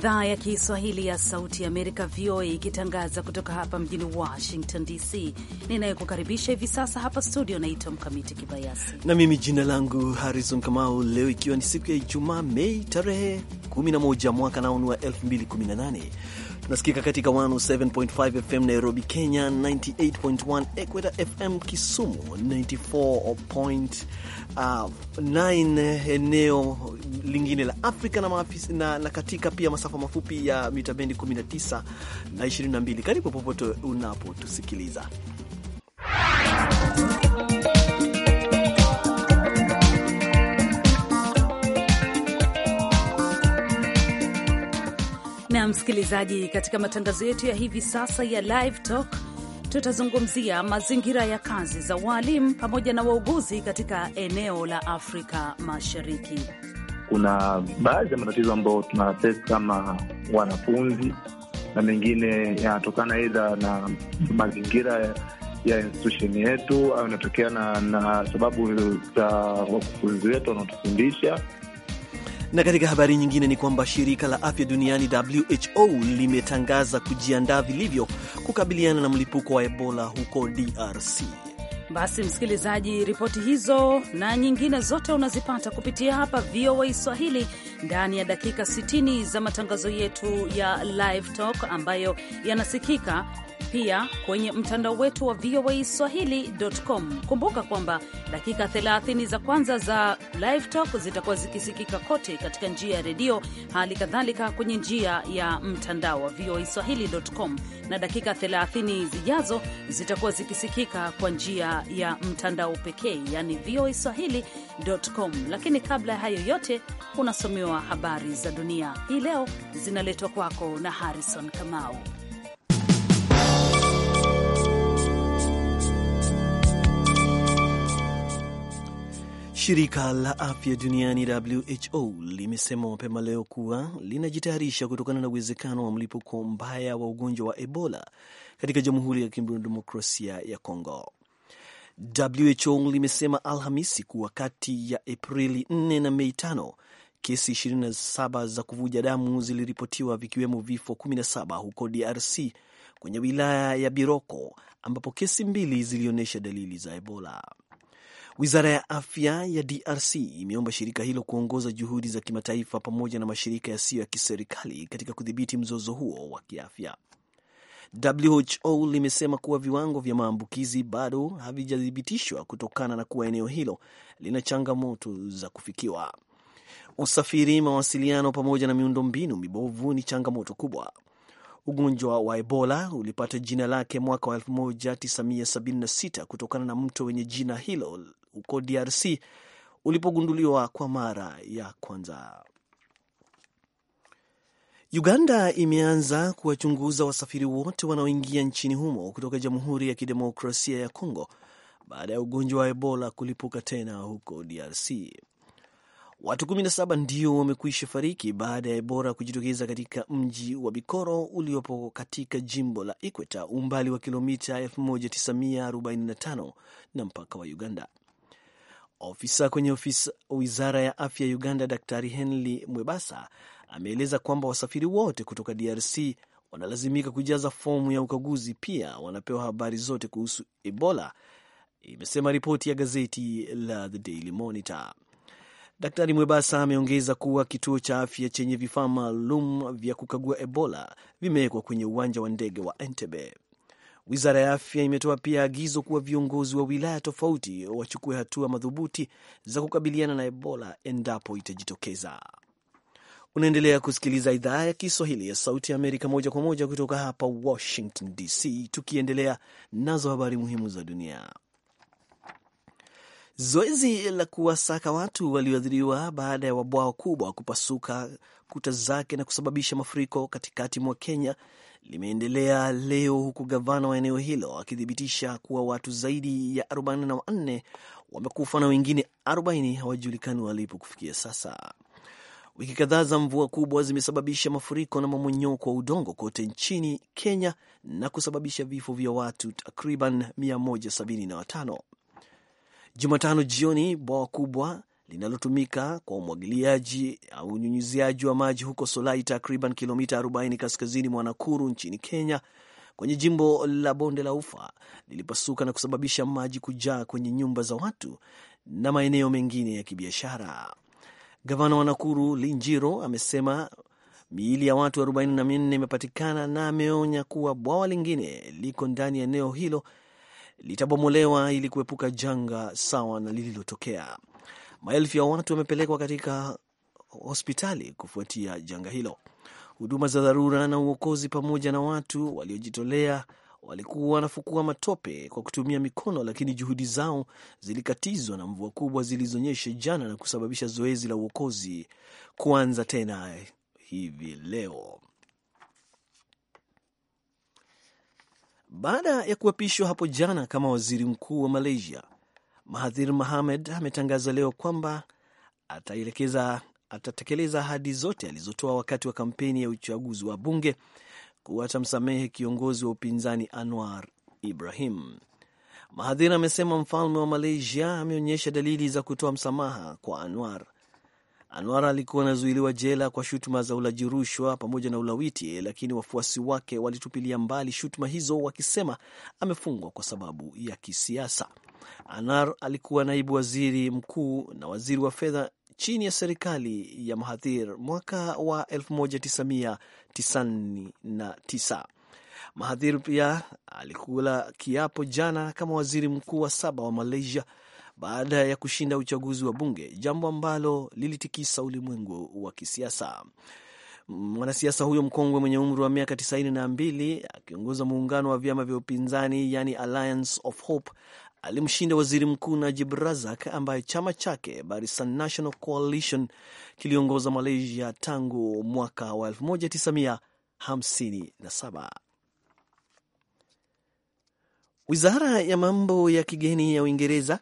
idhaa ya Kiswahili ya Sauti ya Amerika, VOA, ikitangaza kutoka hapa mjini Washington DC. Ninayekukaribisha hivi sasa hapa studio naitwa Mkamiti Kibayasi na mimi jina langu Harrison Kamau. Leo ikiwa ni siku ya Ijumaa, Mei tarehe 11 mwaka naunu wa 2018 Nasikika katika 107.5 FM Nairobi, Kenya, 98.1 Equator FM Kisumu, 94.9 eneo lingine la Afrika na, maafis, na, na katika pia masafa mafupi ya mita bendi 19 na 22. Karibu popote unapotusikiliza Na msikilizaji, katika matangazo yetu ya hivi sasa ya Live Talk tutazungumzia mazingira ya kazi za waalimu pamoja na wauguzi katika eneo la Afrika Mashariki. Kuna baadhi ya matatizo ambayo tunafesi kama wanafunzi na mengine yanatokana aidha na mazingira ya institusheni yetu au na, na sababu za wakufunzi wetu wanaotufundisha na katika habari nyingine ni kwamba shirika la afya duniani WHO limetangaza kujiandaa vilivyo kukabiliana na mlipuko wa Ebola huko DRC. Basi msikilizaji, ripoti hizo na nyingine zote unazipata kupitia hapa VOA Swahili ndani ya dakika 60 za matangazo yetu ya Live Talk ambayo yanasikika pia kwenye mtandao wetu wa VOA Swahili.com. Kumbuka kwamba dakika 30 za kwanza za Live Talk zitakuwa zikisikika kote katika njia ya redio, hali kadhalika kwenye njia ya mtandao wa VOA Swahili.com, na dakika 30 zijazo zitakuwa zikisikika kwa njia ya mtandao pekee, yani VOA Swahili.com. Lakini kabla ya hayo yote, unasomewa habari za dunia hii leo, zinaletwa kwako na Harrison Kamau. Shirika la afya duniani WHO limesema mapema leo kuwa linajitayarisha kutokana na uwezekano wa mlipuko mbaya wa ugonjwa wa Ebola katika Jamhuri ya Kidemokrasia ya congo WHO limesema Alhamisi kuwa kati ya Aprili 4 na Mei 5 kesi 27 za kuvuja damu ziliripotiwa vikiwemo vifo 17 huko DRC kwenye wilaya ya Biroko ambapo kesi mbili zilionyesha dalili za Ebola. Wizara ya afya ya DRC imeomba shirika hilo kuongoza juhudi za kimataifa pamoja na mashirika yasiyo ya kiserikali katika kudhibiti mzozo huo wa kiafya. WHO limesema kuwa viwango vya maambukizi bado havijathibitishwa kutokana na kuwa eneo hilo lina changamoto za kufikiwa. Usafiri, mawasiliano pamoja na miundombinu mibovu ni changamoto kubwa. Ugonjwa wa Ebola ulipata jina lake mwaka wa 1976 kutokana na mto wenye jina hilo huko DRC ulipogunduliwa kwa mara ya kwanza. Uganda imeanza kuwachunguza wasafiri wote wanaoingia nchini humo kutoka Jamhuri ya Kidemokrasia ya congo baada ya ugonjwa wa Ebola kulipuka tena huko DRC. Watu 17 ndio wamekwisha fariki baada ya Ebola kujitokeza katika mji wa Bikoro uliopo katika jimbo la Equator, umbali wa kilomita 1945 na mpaka wa Uganda. Ofisa kwenye ofisa wizara ya afya ya Uganda, Daktari Henry Mwebasa ameeleza kwamba wasafiri wote kutoka DRC wanalazimika kujaza fomu ya ukaguzi. Pia wanapewa habari zote kuhusu Ebola, imesema ripoti ya gazeti la The Daily Monitor. Daktari Mwebasa ameongeza kuwa kituo cha afya chenye vifaa maalum vya kukagua Ebola vimewekwa kwenye uwanja wa ndege wa Entebbe. Wizara ya afya imetoa pia agizo kuwa viongozi wa wilaya tofauti wachukue hatua madhubuti za kukabiliana na Ebola endapo itajitokeza. Unaendelea kusikiliza idhaa ya Kiswahili ya Sauti ya Amerika moja kwa moja kutoka hapa Washington DC, tukiendelea nazo habari muhimu za dunia. Zoezi la kuwasaka watu walioathiriwa baada ya wabwao kubwa kupasuka kuta zake na kusababisha mafuriko katikati mwa Kenya limeendelea leo, huku gavana wa eneo hilo akithibitisha kuwa watu zaidi ya 44 wamekufa na wengine 40 hawajulikani walipo kufikia sasa. Wiki kadhaa za mvua kubwa zimesababisha mafuriko na mamonyoko wa udongo kote nchini Kenya na kusababisha vifo vya watu takriban 175. Jumatano jioni bwawa kubwa linalotumika kwa umwagiliaji au unyunyiziaji wa maji huko Solai, takriban kilomita 40 kaskazini mwa Nakuru nchini Kenya, kwenye jimbo la Bonde la Ufa, lilipasuka na kusababisha maji kujaa kwenye nyumba za watu na maeneo mengine ya kibiashara. Gavana wa Nakuru Linjiro amesema miili ya watu 44 imepatikana na ameonya kuwa bwawa lingine liko ndani ya eneo hilo litabomolewa ili kuepuka janga sawa na lililotokea. Maelfu ya watu wamepelekwa katika hospitali kufuatia janga hilo. Huduma za dharura na uokozi pamoja na watu waliojitolea walikuwa wanafukua matope kwa kutumia mikono, lakini juhudi zao zilikatizwa na mvua kubwa zilizonyesha jana na kusababisha zoezi la uokozi kuanza tena hivi leo. Baada ya kuapishwa hapo jana kama waziri mkuu wa Malaysia, Mahathir mahamed ametangaza leo kwamba ataelekeza atatekeleza ahadi zote alizotoa wakati wa kampeni ya uchaguzi wa bunge kuwa atamsamehe kiongozi wa upinzani Anwar Ibrahim. Mahathir amesema mfalme wa Malaysia ameonyesha dalili za kutoa msamaha kwa Anwar Anwar alikuwa anazuiliwa jela kwa shutuma za ulaji rushwa pamoja na ulawiti, lakini wafuasi wake walitupilia mbali shutuma hizo wakisema amefungwa kwa sababu ya kisiasa. Anwar alikuwa naibu waziri mkuu na waziri wa fedha chini ya serikali ya Mahathir mwaka wa 1999. Mahathir pia alikula kiapo jana kama waziri mkuu wa saba wa Malaysia baada ya kushinda uchaguzi wa bunge, jambo ambalo lilitikisa ulimwengu wa kisiasa. Mwanasiasa huyo mkongwe mwenye umri wa miaka tisaini na mbili akiongoza muungano wa vyama vya upinzani yani Alliance of Hope alimshinda waziri mkuu Najib Razak ambaye chama chake Barisan National Coalition kiliongoza Malaysia tangu mwaka wa 1957. Wizara ya mambo ya kigeni ya Uingereza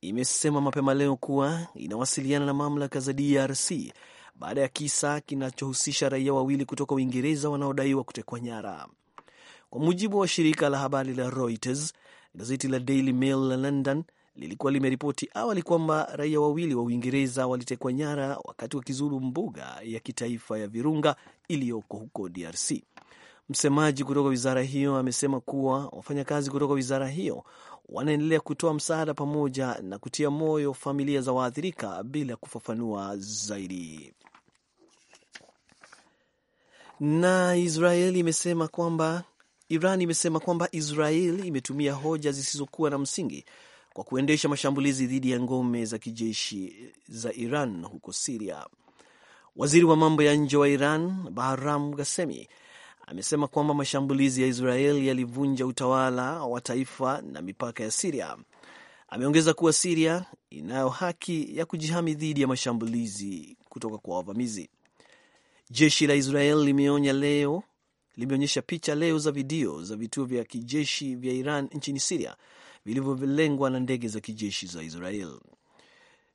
imesema mapema leo kuwa inawasiliana na mamlaka za DRC baada ya kisa kinachohusisha raia wawili kutoka Uingereza wanaodaiwa kutekwa nyara. Kwa mujibu wa shirika la habari la Reuters, gazeti la Daily Mail la London lilikuwa limeripoti awali kwamba raia wawili wa Uingereza walitekwa nyara wakati wakizuru mbuga ya kitaifa ya Virunga iliyoko huko DRC. Msemaji kutoka wizara hiyo amesema kuwa wafanyakazi kutoka wizara hiyo wanaendelea kutoa msaada pamoja na kutia moyo familia za waathirika bila kufafanua zaidi. Na Israel imesema kwamba Iran imesema kwamba Israel imetumia hoja zisizokuwa na msingi kwa kuendesha mashambulizi dhidi ya ngome za kijeshi za Iran huko Siria. Waziri wa mambo ya nje wa Iran Bahram Ghasemi amesema kwamba mashambulizi ya Israeli yalivunja utawala wa taifa na mipaka ya Siria. Ameongeza kuwa Siria inayo haki ya kujihami dhidi ya mashambulizi kutoka kwa wavamizi. Jeshi la Israel limeonya leo, limeonyesha picha leo za video za vituo vya kijeshi vya Iran nchini Siria vilivyolengwa na ndege za kijeshi za Israel.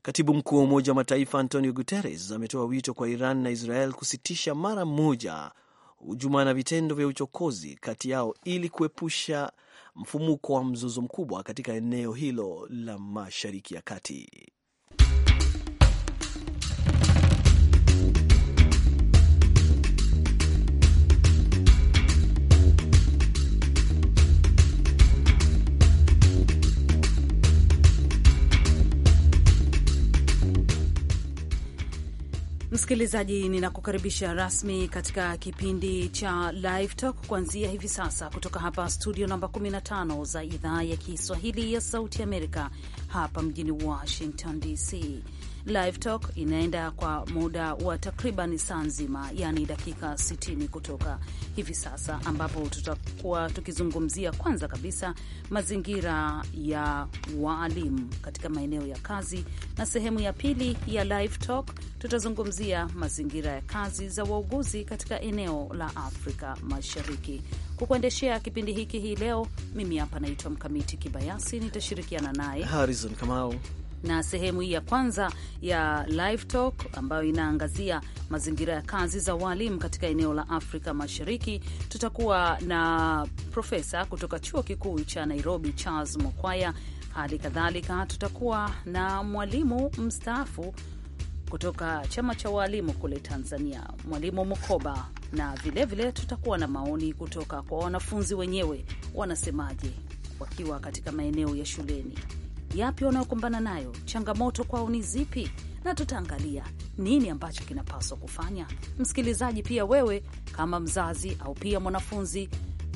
Katibu mkuu wa Umoja wa Mataifa Antonio Guterres ametoa wito kwa Iran na Israel kusitisha mara moja hujuma na vitendo vya uchokozi kati yao ili kuepusha mfumuko wa mzozo mkubwa katika eneo hilo la Mashariki ya Kati. Msikilizaji, ninakukaribisha rasmi katika kipindi cha Live Talk kuanzia hivi sasa kutoka hapa studio namba 15 za idhaa ya Kiswahili ya Sauti Amerika hapa mjini Washington DC. Live Talk inaenda kwa muda wa takriban saa nzima, yani dakika 60 kutoka hivi sasa, ambapo tutakuwa tukizungumzia kwanza kabisa mazingira ya waalimu katika maeneo ya kazi, na sehemu ya pili ya Live Talk tutazungumzia mazingira ya kazi za wauguzi katika eneo la Afrika Mashariki. Kukuendeshea kipindi hiki hii leo, mimi hapa naitwa Mkamiti Kibayasi, nitashirikiana naye Harrison Kamau na sehemu hii ya kwanza ya Live Talk ambayo inaangazia mazingira ya kazi za waalimu katika eneo la Afrika Mashariki. Tutakuwa na profesa kutoka chuo kikuu cha Nairobi, Charles Mokwaya. Hali kadhalika tutakuwa na mwalimu mstaafu kutoka chama cha waalimu kule Tanzania, mwalimu Mkoba, na vilevile vile tutakuwa na maoni kutoka kwa wanafunzi wenyewe, wanasemaje wakiwa katika maeneo ya shuleni yapi wanayokumbana nayo, changamoto kwao ni zipi, na tutaangalia nini ambacho kinapaswa kufanya. Msikilizaji, pia wewe kama mzazi au pia mwanafunzi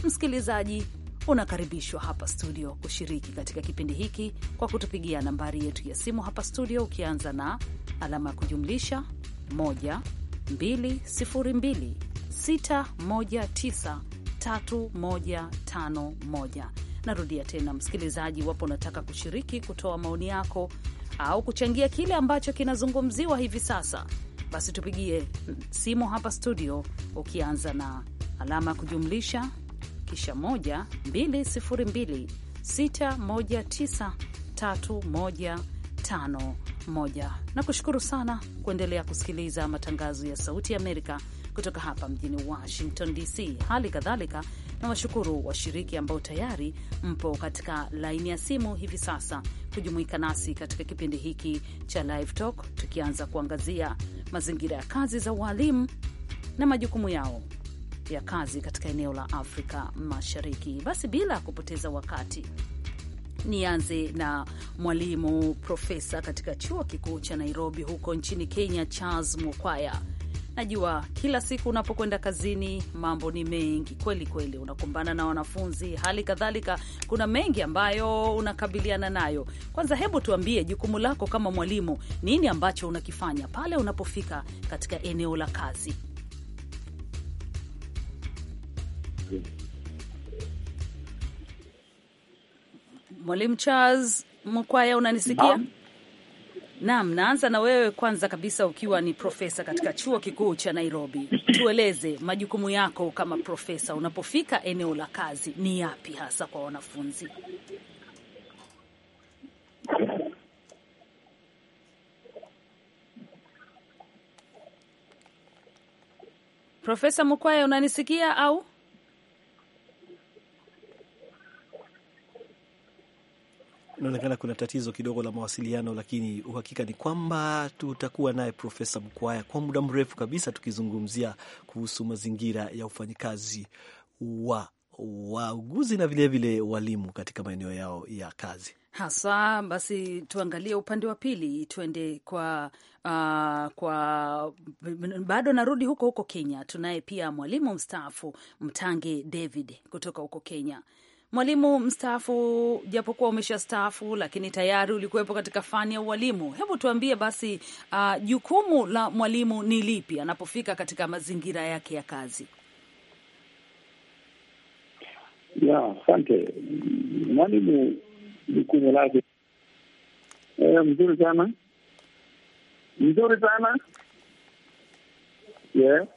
msikilizaji unakaribishwa hapa studio kushiriki katika kipindi hiki kwa kutupigia nambari yetu ya simu hapa studio, ukianza na alama ya kujumlisha 12026193151 Narudia tena, msikilizaji, iwapo unataka kushiriki, kutoa maoni yako au kuchangia kile ambacho kinazungumziwa hivi sasa, basi tupigie simu hapa studio, ukianza na alama ya kujumlisha kisha 1 202 Na kushukuru sana kuendelea kusikiliza matangazo ya Sauti ya Amerika kutoka hapa mjini Washington DC. Hali kadhalika na washukuru washiriki ambao tayari mpo katika laini ya simu hivi sasa kujumuika nasi katika kipindi hiki cha Live Talk, tukianza kuangazia mazingira ya kazi za waalimu na majukumu yao ya kazi katika eneo la Afrika Mashariki. Basi bila kupoteza wakati nianze na mwalimu profesa katika chuo kikuu cha Nairobi huko nchini Kenya, Charles Mukwaya Najua kila siku unapokwenda kazini mambo ni mengi kweli kweli, unakumbana na wanafunzi, hali kadhalika kuna mengi ambayo unakabiliana nayo. Kwanza hebu tuambie jukumu lako kama mwalimu, nini ambacho unakifanya pale unapofika katika eneo la kazi? Mwalimu Charles Mkwaya, unanisikia? Mom. Naam, naanza na wewe kwanza kabisa, ukiwa ni profesa katika chuo kikuu cha Nairobi, tueleze majukumu yako kama profesa. Unapofika eneo la kazi ni yapi hasa kwa wanafunzi? Profesa Mukwaya, unanisikia au? Inaonekana kuna tatizo kidogo la mawasiliano, lakini uhakika ni kwamba tutakuwa naye Profesa Mkwaya kwa muda mrefu kabisa tukizungumzia kuhusu mazingira ya ufanyikazi wa wauguzi na vilevile vile walimu katika maeneo yao ya kazi hasa. Basi tuangalie upande wa pili, tuende kwa Uh, kwa bado narudi huko huko Kenya, tunaye pia mwalimu mstaafu mtange David kutoka huko Kenya mwalimu mstaafu, japokuwa umesha staafu, lakini tayari ulikuwepo katika fani ya ualimu. Hebu tuambie basi, uh, jukumu la mwalimu ni lipi anapofika katika mazingira yake ya kazi? Ya, asante. Mwalimu jukumu lake e, mzuri sana, mzuri sana yeah.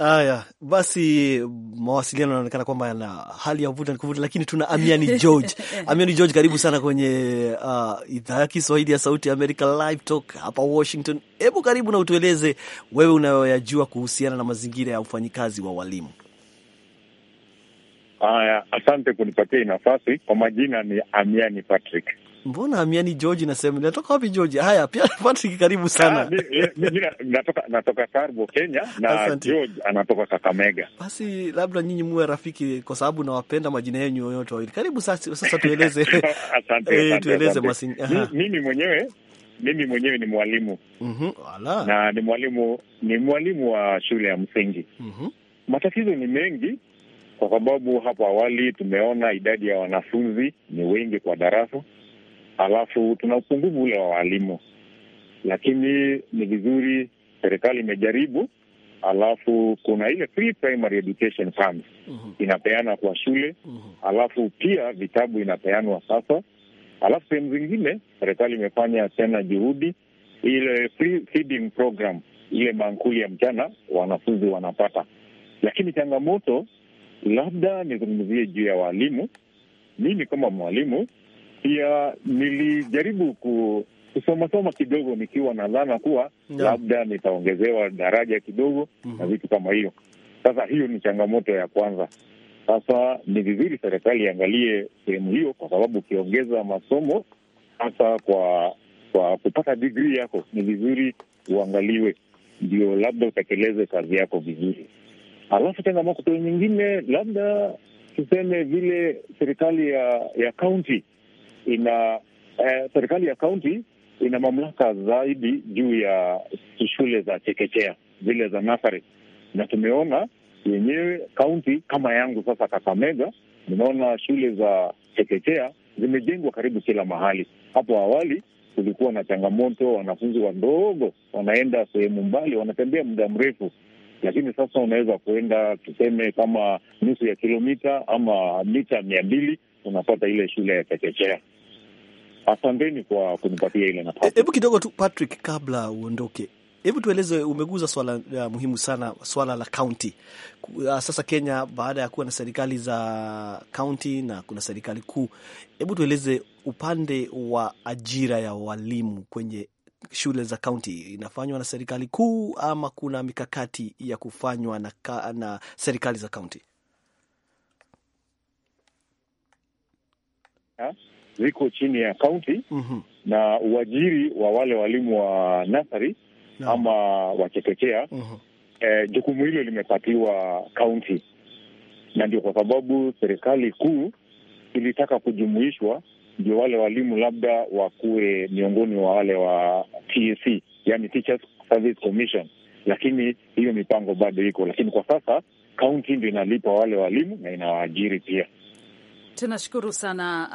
Haya basi, mawasiliano yanaonekana kwamba yana hali ya vuta ni kuvuta, lakini tuna Amiani George. Amiani George, karibu sana kwenye uh, idhaa ya Kiswahili ya Sauti ya Amerika, Live Talk hapa Washington. Hebu karibu na utueleze wewe unayoyajua kuhusiana na mazingira ya ufanyikazi wa walimu. Haya, asante kunipatia nafasi. Kwa majina ni Amiani Patrick. Mbona amiani George nasema natoka wapi George? Haya, pia Patrick karibu sana. Ah, natoka natoka Sarbo, Kenya na Asante. George anatoka Kakamega. Basi labda nyinyi muwe rafiki kwa sababu nawapenda majina yenu yoyote wawili. Karibu sasa sasa tueleze. Eh, asante. tueleze Mimi mwenyewe mimi mwenyewe ni mwalimu. Mhm, ala. Na ni mwalimu ni mwalimu wa shule ya msingi. Mhm. Matatizo ni mengi kwa sababu hapo awali tumeona idadi ya wanafunzi ni wengi kwa darasa alafu tuna upungufu ule wa waalimu, lakini ni vizuri serikali imejaribu. alafu kuna ile free primary education fund mhm. inapeana kwa shule, mhm. alafu pia vitabu inapeanwa sasa. alafu sehemu zingine serikali imefanya tena juhudi ile free feeding program, ile mankuli ya mchana wanafunzi wanapata, lakini changamoto labda nizungumzie juu ya waalimu. Mimi kama mwalimu pia nilijaribu kusomasoma kidogo nikiwa na dhana kuwa yeah, labda nitaongezewa daraja kidogo mm -hmm. na mhm. vitu kama hiyo. Sasa hiyo ni changamoto ya kwanza. Sasa ni vizuri serikali iangalie sehemu hiyo, kwa sababu ukiongeza masomo hasa kwa kwa kupata digrii yako, ni vizuri uangaliwe, ndio labda utekeleze kazi yako vizuri. Alafu changamoto nyingine labda tuseme vile serikali ya ya kaunti ina eh, serikali ya kaunti ina mamlaka zaidi juu ya shule za chekechea zile za nasari, na tumeona yenyewe kaunti kama yangu sasa Kakamega, nimeona shule za chekechea zimejengwa karibu kila mahali. Hapo awali kulikuwa na changamoto, wanafunzi wadogo wanaenda sehemu mbali, wanatembea muda mrefu, lakini sasa unaweza kuenda tuseme kama nusu ya kilomita ama mita mia mbili unapata ile shule ya chekechea. Asanteni kwa kunipatia ile nafasi. E, hebu kidogo tu Patrick, kabla uondoke, hebu tueleze, umeguza swala ya eh, muhimu sana, swala la kaunti. Ah, sasa Kenya baada ya kuwa na serikali za kaunti na kuna serikali kuu, hebu tueleze upande wa ajira ya walimu kwenye shule za kaunti inafanywa na serikali kuu ama kuna mikakati ya kufanywa na, ka, na serikali za kaunti? ziko chini ya kaunti mm -hmm. na uajiri wa wale walimu wa nasari no. ama wa chekechea mm -hmm. eh, jukumu hilo limepatiwa kaunti, na ndio kwa sababu serikali kuu ilitaka kujumuishwa, ndio wale walimu labda wakuwe miongoni wa wale wa TSC, e yani Teachers Service Commission, lakini hiyo mipango bado iko, lakini kwa sasa kaunti ndio inalipa wale walimu na inawaajiri pia. Tunashukuru sana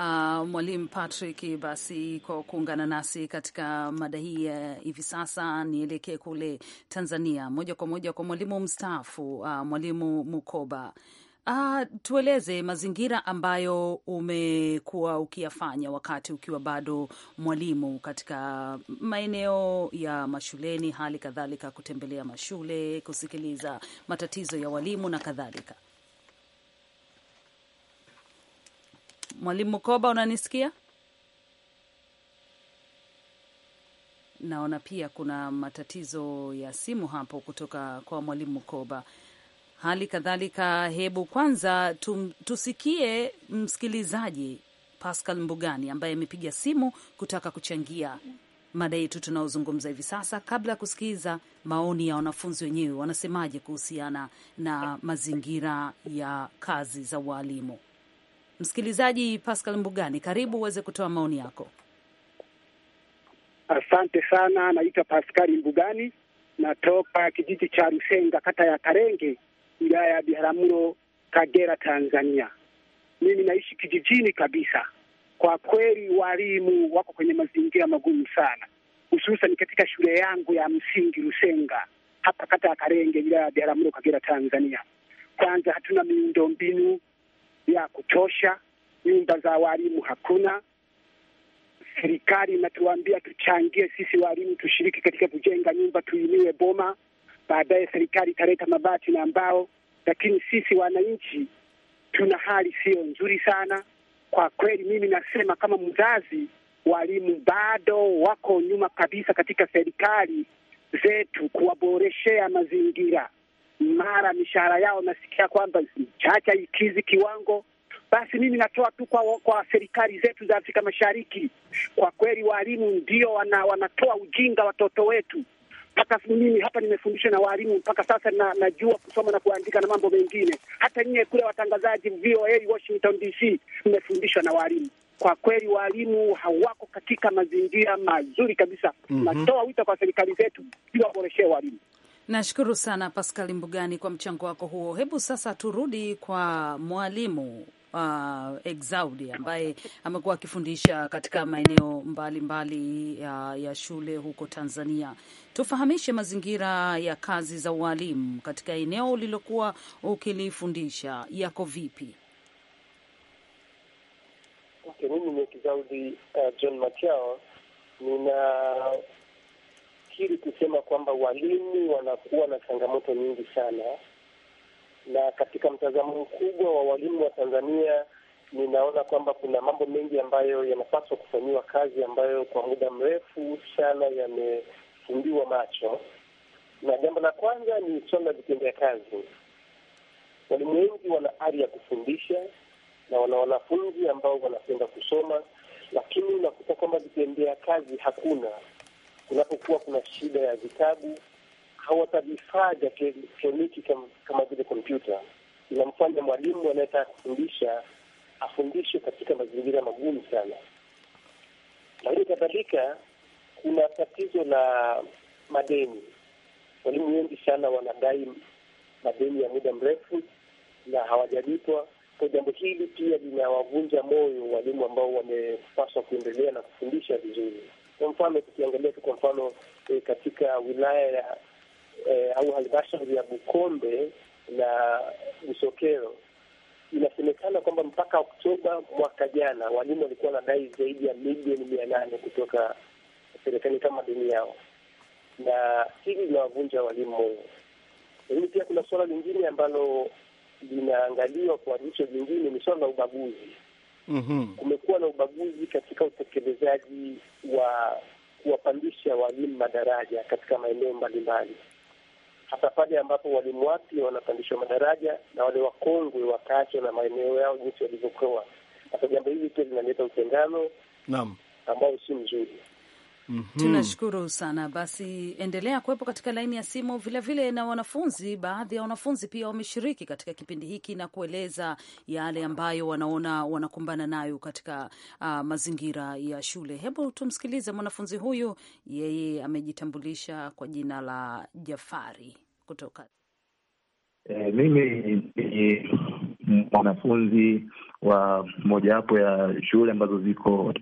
uh, Mwalimu Patrick basi kwa kuungana nasi katika mada hii ya hivi sasa. Nielekee kule Tanzania moja kwa moja kwa mwalimu mstaafu uh, Mwalimu Mukoba. Uh, tueleze mazingira ambayo umekuwa ukiyafanya wakati ukiwa bado mwalimu katika maeneo ya mashuleni, hali kadhalika kutembelea mashule, kusikiliza matatizo ya walimu na kadhalika. Mwalimu Mkoba, unanisikia? Naona pia kuna matatizo ya simu hapo kutoka kwa Mwalimu Mkoba. Hali kadhalika, hebu kwanza tum, tusikie msikilizaji Pascal Mbugani ambaye amepiga simu kutaka kuchangia mada yetu tunaozungumza hivi sasa, kabla ya kusikiza maoni ya wanafunzi wenyewe wanasemaje kuhusiana na mazingira ya kazi za walimu. Msikilizaji Pascal Mbugani, karibu uweze kutoa maoni yako. Asante sana, naitwa Pascal Mbugani, natoka kijiji cha Rusenga, kata ya Karenge, wilaya ya Biharamulo, Kagera, Tanzania. Mimi naishi kijijini kabisa. Kwa kweli, walimu wako kwenye mazingira magumu sana, hususan katika shule yangu ya msingi Rusenga, hapa kata ya Karenge, wilaya ya Biharamulo, Kagera, Tanzania. Kwanza hatuna miundombinu ya kutosha, nyumba za walimu hakuna. Serikali inatuambia tuchangie sisi walimu, tushiriki katika kujenga nyumba, tuinue boma, baadaye serikali italeta mabati na mbao, lakini sisi wananchi tuna hali siyo nzuri sana kwa kweli. Mimi nasema kama mzazi, walimu bado wako nyuma kabisa katika serikali zetu kuwaboreshea mazingira mara mishahara yao nasikia kwamba chacha ikizi kiwango basi mimi natoa tu kwa, kwa serikali zetu za Afrika Mashariki. Kwa kweli waalimu ndio wana, wanatoa ujinga watoto wetu. Mpaka mimi hapa nimefundishwa na waalimu mpaka sasa na, najua kusoma na kuandika na mambo mengine. Hata nyie kule watangazaji VOA Washington DC mmefundishwa na waalimu. Kwa kweli waalimu hawako katika mazingira mazuri kabisa. mm -hmm. Natoa wito kwa serikali zetu waboreshee waalimu. Nashukuru sana Paskali Mbugani kwa mchango wako huo. Hebu sasa turudi kwa mwalimu Uh, Exaudi ambaye amekuwa akifundisha katika maeneo mbalimbali ya, uh, ya shule huko Tanzania. Tufahamishe mazingira ya kazi za ualimu katika eneo ulilokuwa ukilifundisha yako vipi? Okay, mimi ni Exaudi uh, John Matiao nina nafikiri kusema kwamba walimu wanakuwa na changamoto nyingi sana, na katika mtazamo mkubwa wa walimu wa Tanzania ninaona kwamba kuna mambo mengi ambayo yanapaswa kufanyiwa kazi, ambayo kwa muda mrefu sana yamefumbiwa macho, na jambo la kwanza ni swala la vitendea kazi. Walimu wengi wana ari ya kufundisha na wana wanafunzi ambao wanapenda kusoma, lakini unakuta kwamba vitendea kazi hakuna kunapokuwa kuna shida ya vitabu hawatavifaa vya kielektroniki kama vile kompyuta. Inamfanya mwalimu anayetaka kufundisha afundishwe katika mazingira magumu sana. Lakini kadhalika, kuna tatizo la madeni. Walimu wengi sana wanadai madeni ya muda mrefu na hawajalipwa. Kwa jambo hili pia linawavunja moyo walimu ambao wamepaswa kuendelea na kufundisha vizuri. Kwa mfano tukiangalia tu kwa mfano e, katika wilaya ya e, au halmashauri ya Bukombe na Busokero inasemekana kwamba mpaka Oktoba mwaka jana walimu walikuwa wanadai zaidi ya milioni mia nane kutoka serikali kama dini yao, na hili linawavunja walimu moyo. Lakini pia kuna suala lingine ambalo linaangaliwa kwa jicho lingine ni suala la ubaguzi. -hmm. Kumekuwa na ubaguzi katika utekelezaji wa kuwapandisha walimu madaraja katika maeneo mbalimbali, hata pale ambapo walimu wapya wanapandishwa madaraja na wale wakongwe wakaachwa na maeneo yao jinsi walivyokoa. Sasa jambo hili pia linaleta utengano naam, ambao si mzuri. Mm -hmm. Tunashukuru sana basi, endelea kuwepo katika laini ya simu vilevile vile, na wanafunzi, baadhi ya wanafunzi pia wameshiriki katika kipindi hiki na kueleza yale ambayo wanaona wanakumbana nayo katika uh, mazingira ya shule. Hebu tumsikilize mwanafunzi huyu, yeye amejitambulisha kwa jina la Jafari kutoka e, mimi ni mwanafunzi wa mojawapo ya shule ambazo ziko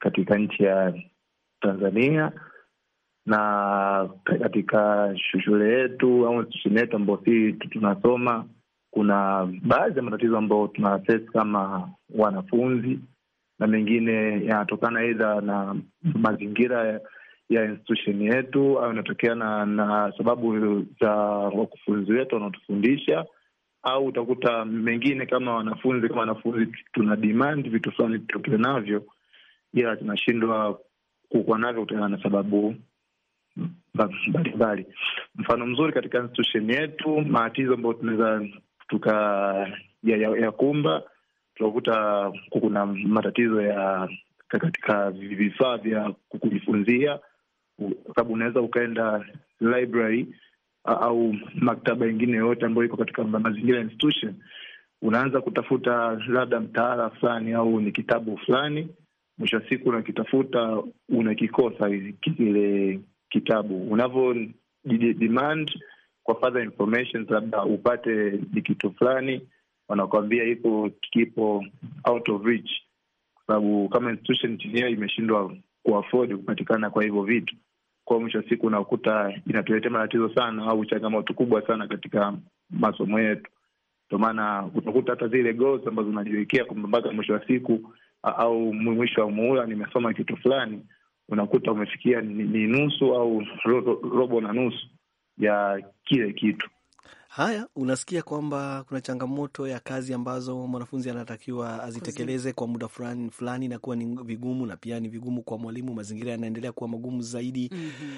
katika nchi ya Tanzania na katika shule yetu au institusheni yetu ambayo si tunasoma, kuna baadhi ya matatizo ambayo tunaases kama wanafunzi, na mengine yanatokana aidha na mazingira ya institution yetu au inatokea na, na sababu za wakufunzi wetu wanaotufundisha, au utakuta mengine kama wanafunzi kama wanafunzi tuna demand vitu fulani tutoke navyo, ila tunashindwa kukuwa navyo kutokana na sababu mbalimbali. Mfano mzuri katika institution yetu, matatizo ambayo tunaweza tuka ya, ya, ya kumba tunakuta kuna matatizo ya katika vifaa vya kujifunzia, sababu unaweza ukaenda library au maktaba ingine yoyote ambayo iko katika mazingira ya institution, unaanza kutafuta labda mtaala fulani au ni kitabu fulani mwisho wa siku unakitafuta unakikosa kile kitabu unavyo demand kwa further information, labda upate ni kitu fulani, wanakuambia iko kipo out of reach, kwa sababu kama institution chenyewe imeshindwa kuafford kupatikana kwa hivyo vitu. kwao mwisho wa siku unakuta inatuletea matatizo sana au changamoto kubwa sana katika masomo yetu. Ndio maana utakuta hata zile goals ambazo unajiwekea kwamba mpaka mwisho wa siku au mwisho wa muhula nimesoma kitu fulani, unakuta umefikia ni, nusu au ro, ro, robo na nusu ya kile kitu. Haya, unasikia kwamba kuna changamoto ya kazi ambazo mwanafunzi anatakiwa azitekeleze kwa muda fulani fulani, inakuwa ni vigumu, na pia ni vigumu kwa mwalimu, mazingira yanaendelea kuwa magumu zaidi. mm -hmm.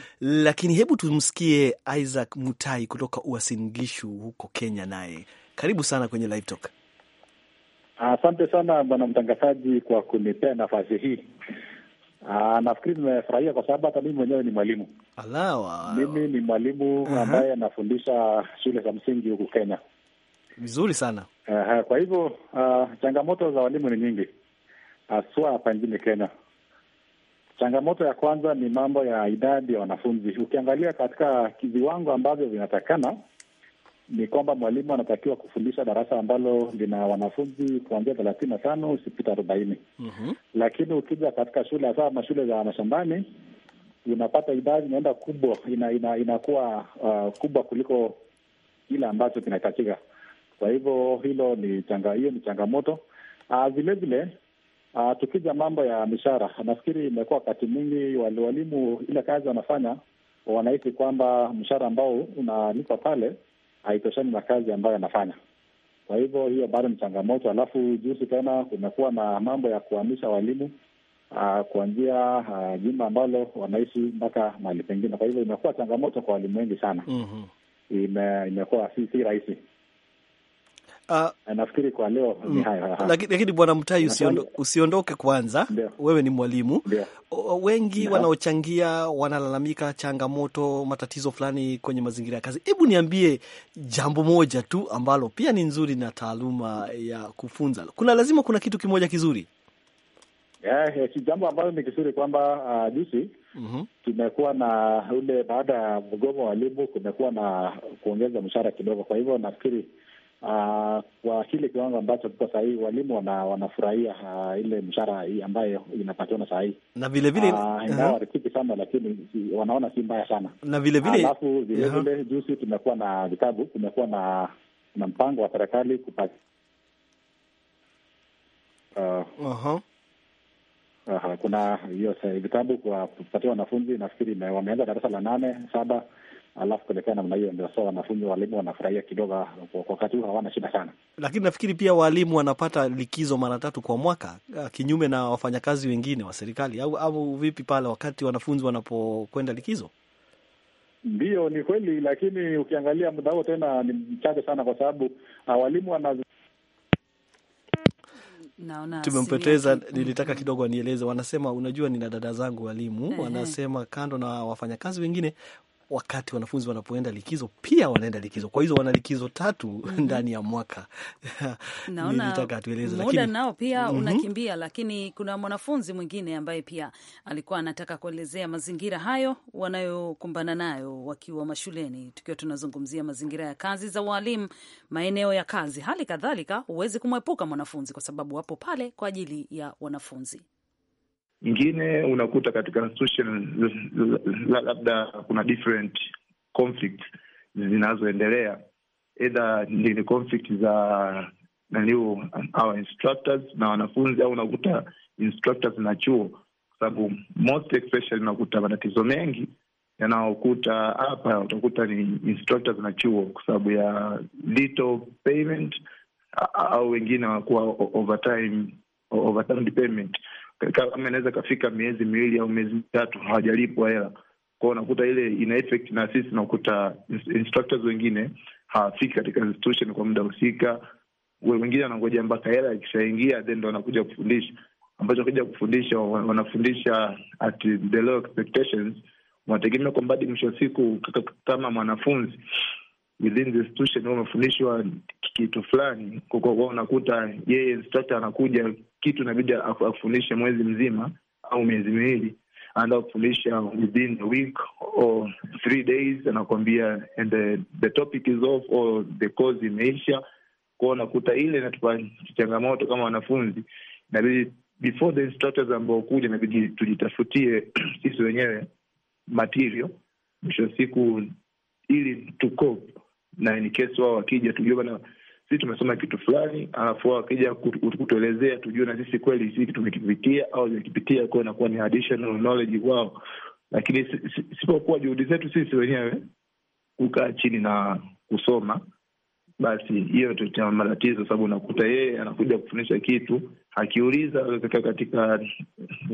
Lakini hebu tumsikie Isaac Mutai kutoka Uasin Gishu huko Kenya, naye karibu sana kwenye Live Talk. Asante sana bwana mtangazaji kwa kunipea nafasi hii. nafkiri ah, nafikiri nimefurahia kwa sababu hata mimi mwenyewe ni mwalimu. Mimi ni mwalimu ambaye anafundisha shule za msingi huku Kenya. Vizuri sana. Uh, kwa hivyo uh, changamoto za walimu ni nyingi haswa hapa nchini Kenya. Changamoto ya kwanza ni mambo ya idadi ya wanafunzi. Ukiangalia katika viwango ambavyo vinatakana ni kwamba mwalimu anatakiwa kufundisha darasa ambalo lina wanafunzi kuanzia thelathini na tano usipita arobaini. mm -hmm. Lakini ukija katika shule hasa mashule za mashambani unapata idadi inaenda kubwa, ina, ina, inakuwa uh, kubwa kuliko kile ambacho kinahitajika. Kwa hivyo hilo ni changa, hiyo ni changamoto vilevile. Ah, uh, ah, uh, tukija mambo ya mishahara, nafikiri imekuwa wakati mwingi walimu ile kazi wanafanya wanahisi kwamba mshahara ambao unalipwa pale haitoshani na kazi ambayo anafanya. Kwa hivyo hiyo bado ni changamoto. Alafu juzi tena kumekuwa na mambo ya kuhamisha walimu ah, kuanzia ah, jumba ambalo wanaishi mpaka mahali pengine. Kwa hivyo imekuwa changamoto kwa walimu wengi sana. mm -hmm. Ime, imekuwa si, si rahisi. Uh, nafikiri kwa leo ni mm. hayo. Lakini bwana Mtai, usiondo, usiondoke kwanza Deo. Wewe ni mwalimu o, wengi wanaochangia wanalalamika changamoto, matatizo fulani kwenye mazingira ya kazi. Hebu niambie jambo moja tu ambalo pia ni nzuri na taaluma ya kufunza, kuna lazima kuna kitu kimoja kizuri yeah, eh, jambo ambalo ni kizuri kwamba uh, ah, jusi Mm -hmm. Tumekuwa na ule baada ya mgomo wa walimu, kumekuwa na kuongeza mshahara kidogo, kwa hivyo nafikiri Ah, kwa kile kiwango ambacho kiko sahii walimu wanafurahia wana, uh, ile mshahara ambayo inapatiana sahii na vilevile ah, uh-huh. ingawa uh, warifiki sana lakini wanaona si mbaya sana na vilevile alafu vilevile uh-huh. juzi tumekuwa na vitabu tumekuwa na na mpango wa serikali kupa uh, uh-huh. Uh, kuna hiyo eh, vitabu kwa kupatia wanafunzi nafikiri wameanza darasa la nane saba alafu kuelekea namna hiyo, ndio sasa wanafunzi walimu wanafurahia kidogo, wakati huu hawana shida sana. Lakini nafikiri pia walimu wanapata likizo mara tatu kwa mwaka, uh, kinyume na wafanyakazi wengine wa serikali, au au vipi pale wakati wanafunzi wanapokwenda likizo? Ndiyo, ni kweli, lakini ukiangalia muda huo tena ni mchache sana, kwa sababu uh, walimu wana tumempoteza. Nilitaka mm-hmm. kidogo anieleze, wanasema unajua, nina dada zangu walimu, wanasema kando na wafanyakazi wengine wakati wanafunzi wanapoenda likizo pia wanaenda likizo. Kwa hizo wana likizo tatu mm -hmm. ndani ya mwaka nilitaka atueleze, lakini nao pia mm -hmm. unakimbia. Lakini kuna mwanafunzi mwingine ambaye pia alikuwa anataka kuelezea mazingira hayo wanayokumbana nayo wakiwa mashuleni, tukiwa tunazungumzia mazingira ya kazi za walimu, maeneo ya kazi. Hali kadhalika huwezi kumwepuka mwanafunzi, kwa sababu wapo pale kwa ajili ya wanafunzi. Ingine unakuta katika institution labda kuna different conflicts zinazoendelea, either ni ni conflict za nani our instructors na wanafunzi, au unakuta instructors na chuo, kwa sababu most especially unakuta matatizo mengi yanaokuta hapa utakuta ni instructors na chuo kwa sababu ya little payment au wengine wanakuwa overtime overtime payment kama inaweza ikafika miezi miwili au miezi mitatu hawajalipwa hela kwao, unakuta ile ina effect na sisi unakuta instructors wengine hawafiki katika institution kwa muda husika, wengine wanangoja mpaka hela ikishaingia then ndo wanakuja kufundisha, ambacho wakija kufundisha wanafundisha at the low expectations, wanategemea kwamba hadi mwisho wa siku kama mwanafunzi within the institution umefundishwa kitu fulani, kwa unakuta yeye instructor anakuja kitu inabidi afundishe mwezi mzima au miezi miwili, anaenda kufundisha within a week or three days, anakuambia and the, the topic is off or the course imeisha kwao. Unakuta ile inatupa changamoto kama wanafunzi, inabidi before the instructors ambao kuja, inabidi tujitafutie sisi wenyewe material mwisho wa siku, ili tukope na in case wao wakija tujua bana sisi tumesoma kitu fulani, alafu wakija kutuelezea tujue na sisi kweli hii kitu tumekipitia au imekipitia, kwa inakuwa ni additional knowledge wao, lakini sipokuwa juhudi zetu sisi wenyewe kukaa chini na kusoma basi hiyo ndio matatizo, sababu unakuta yeye anakuja kufundisha kitu akiuliza katika, katika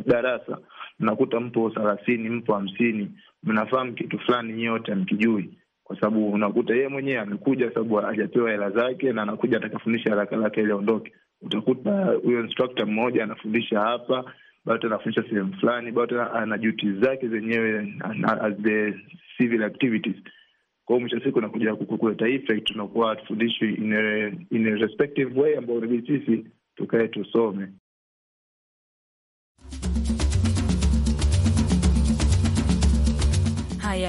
darasa, unakuta mpo thelathini, mpo hamsini, mnafahamu kitu fulani nyote mkijui, kwa sababu unakuta yeye mwenyewe amekuja, sababu hajapewa hela zake, na anakuja atakafundisha haraka haraka ili aondoke. Utakuta huyo instructor mmoja anafundisha hapa, bado anafundisha sehemu fulani, bado ana duties zake zenyewe as the civil activities. Kwa hiyo mwisho wa siku nakuja kuleta effect, tunakuwa tufundishwi in a respective way ambayo sisi tukae tusome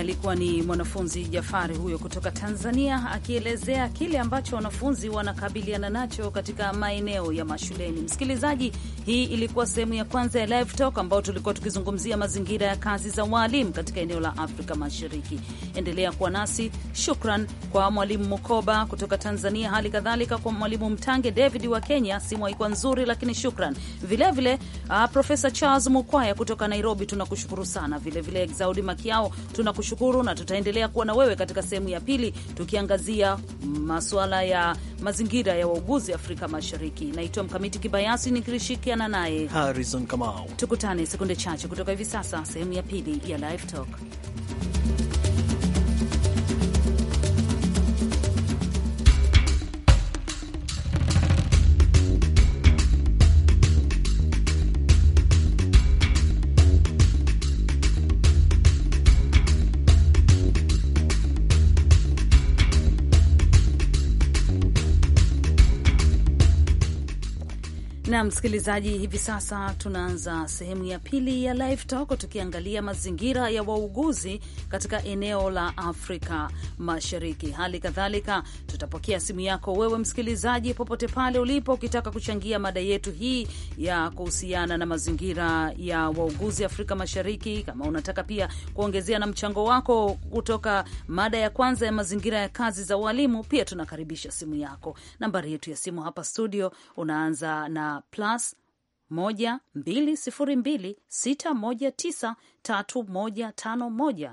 alikuwa ni mwanafunzi Jafari huyo kutoka Tanzania akielezea kile ambacho wanafunzi wanakabiliana nacho katika maeneo ya mashuleni. Msikilizaji, hii ilikuwa sehemu ya kwanza ya Live Talk ambao tulikuwa tukizungumzia mazingira ya kazi za waalimu katika eneo la Afrika Mashariki. Endelea kuwa nasi. Shukran kwa mwalimu Mukoba kutoka Tanzania, hali kadhalika kwa mwalimu Mtange David wa Kenya. Simu haikuwa nzuri, lakini shukran vilevile. Uh, ah, Profesa Charles Mukwaya kutoka Nairobi tunakushukuru sana vilevile. Exaudi Makiao tunakushukuru tunakushukuru na tutaendelea kuwa na wewe katika sehemu ya pili tukiangazia masuala ya mazingira ya wauguzi Afrika Mashariki. Naitwa Mkamiti Kibayasi nikishirikiana naye Harrison Kamau. Tukutane sekunde chache kutoka hivi sasa, sehemu ya pili ya Live Talk. na msikilizaji, hivi sasa tunaanza sehemu ya pili ya Live Talk tukiangalia mazingira ya wauguzi katika eneo la Afrika Mashariki. Hali kadhalika tutapokea simu yako wewe msikilizaji, popote pale ulipo, ukitaka kuchangia mada yetu hii ya kuhusiana na mazingira ya wauguzi Afrika Mashariki. Kama unataka pia kuongezea na mchango wako kutoka mada ya kwanza ya mazingira ya kazi za walimu, pia tunakaribisha simu yako. Nambari yetu ya simu hapa studio unaanza na plus 12026193151.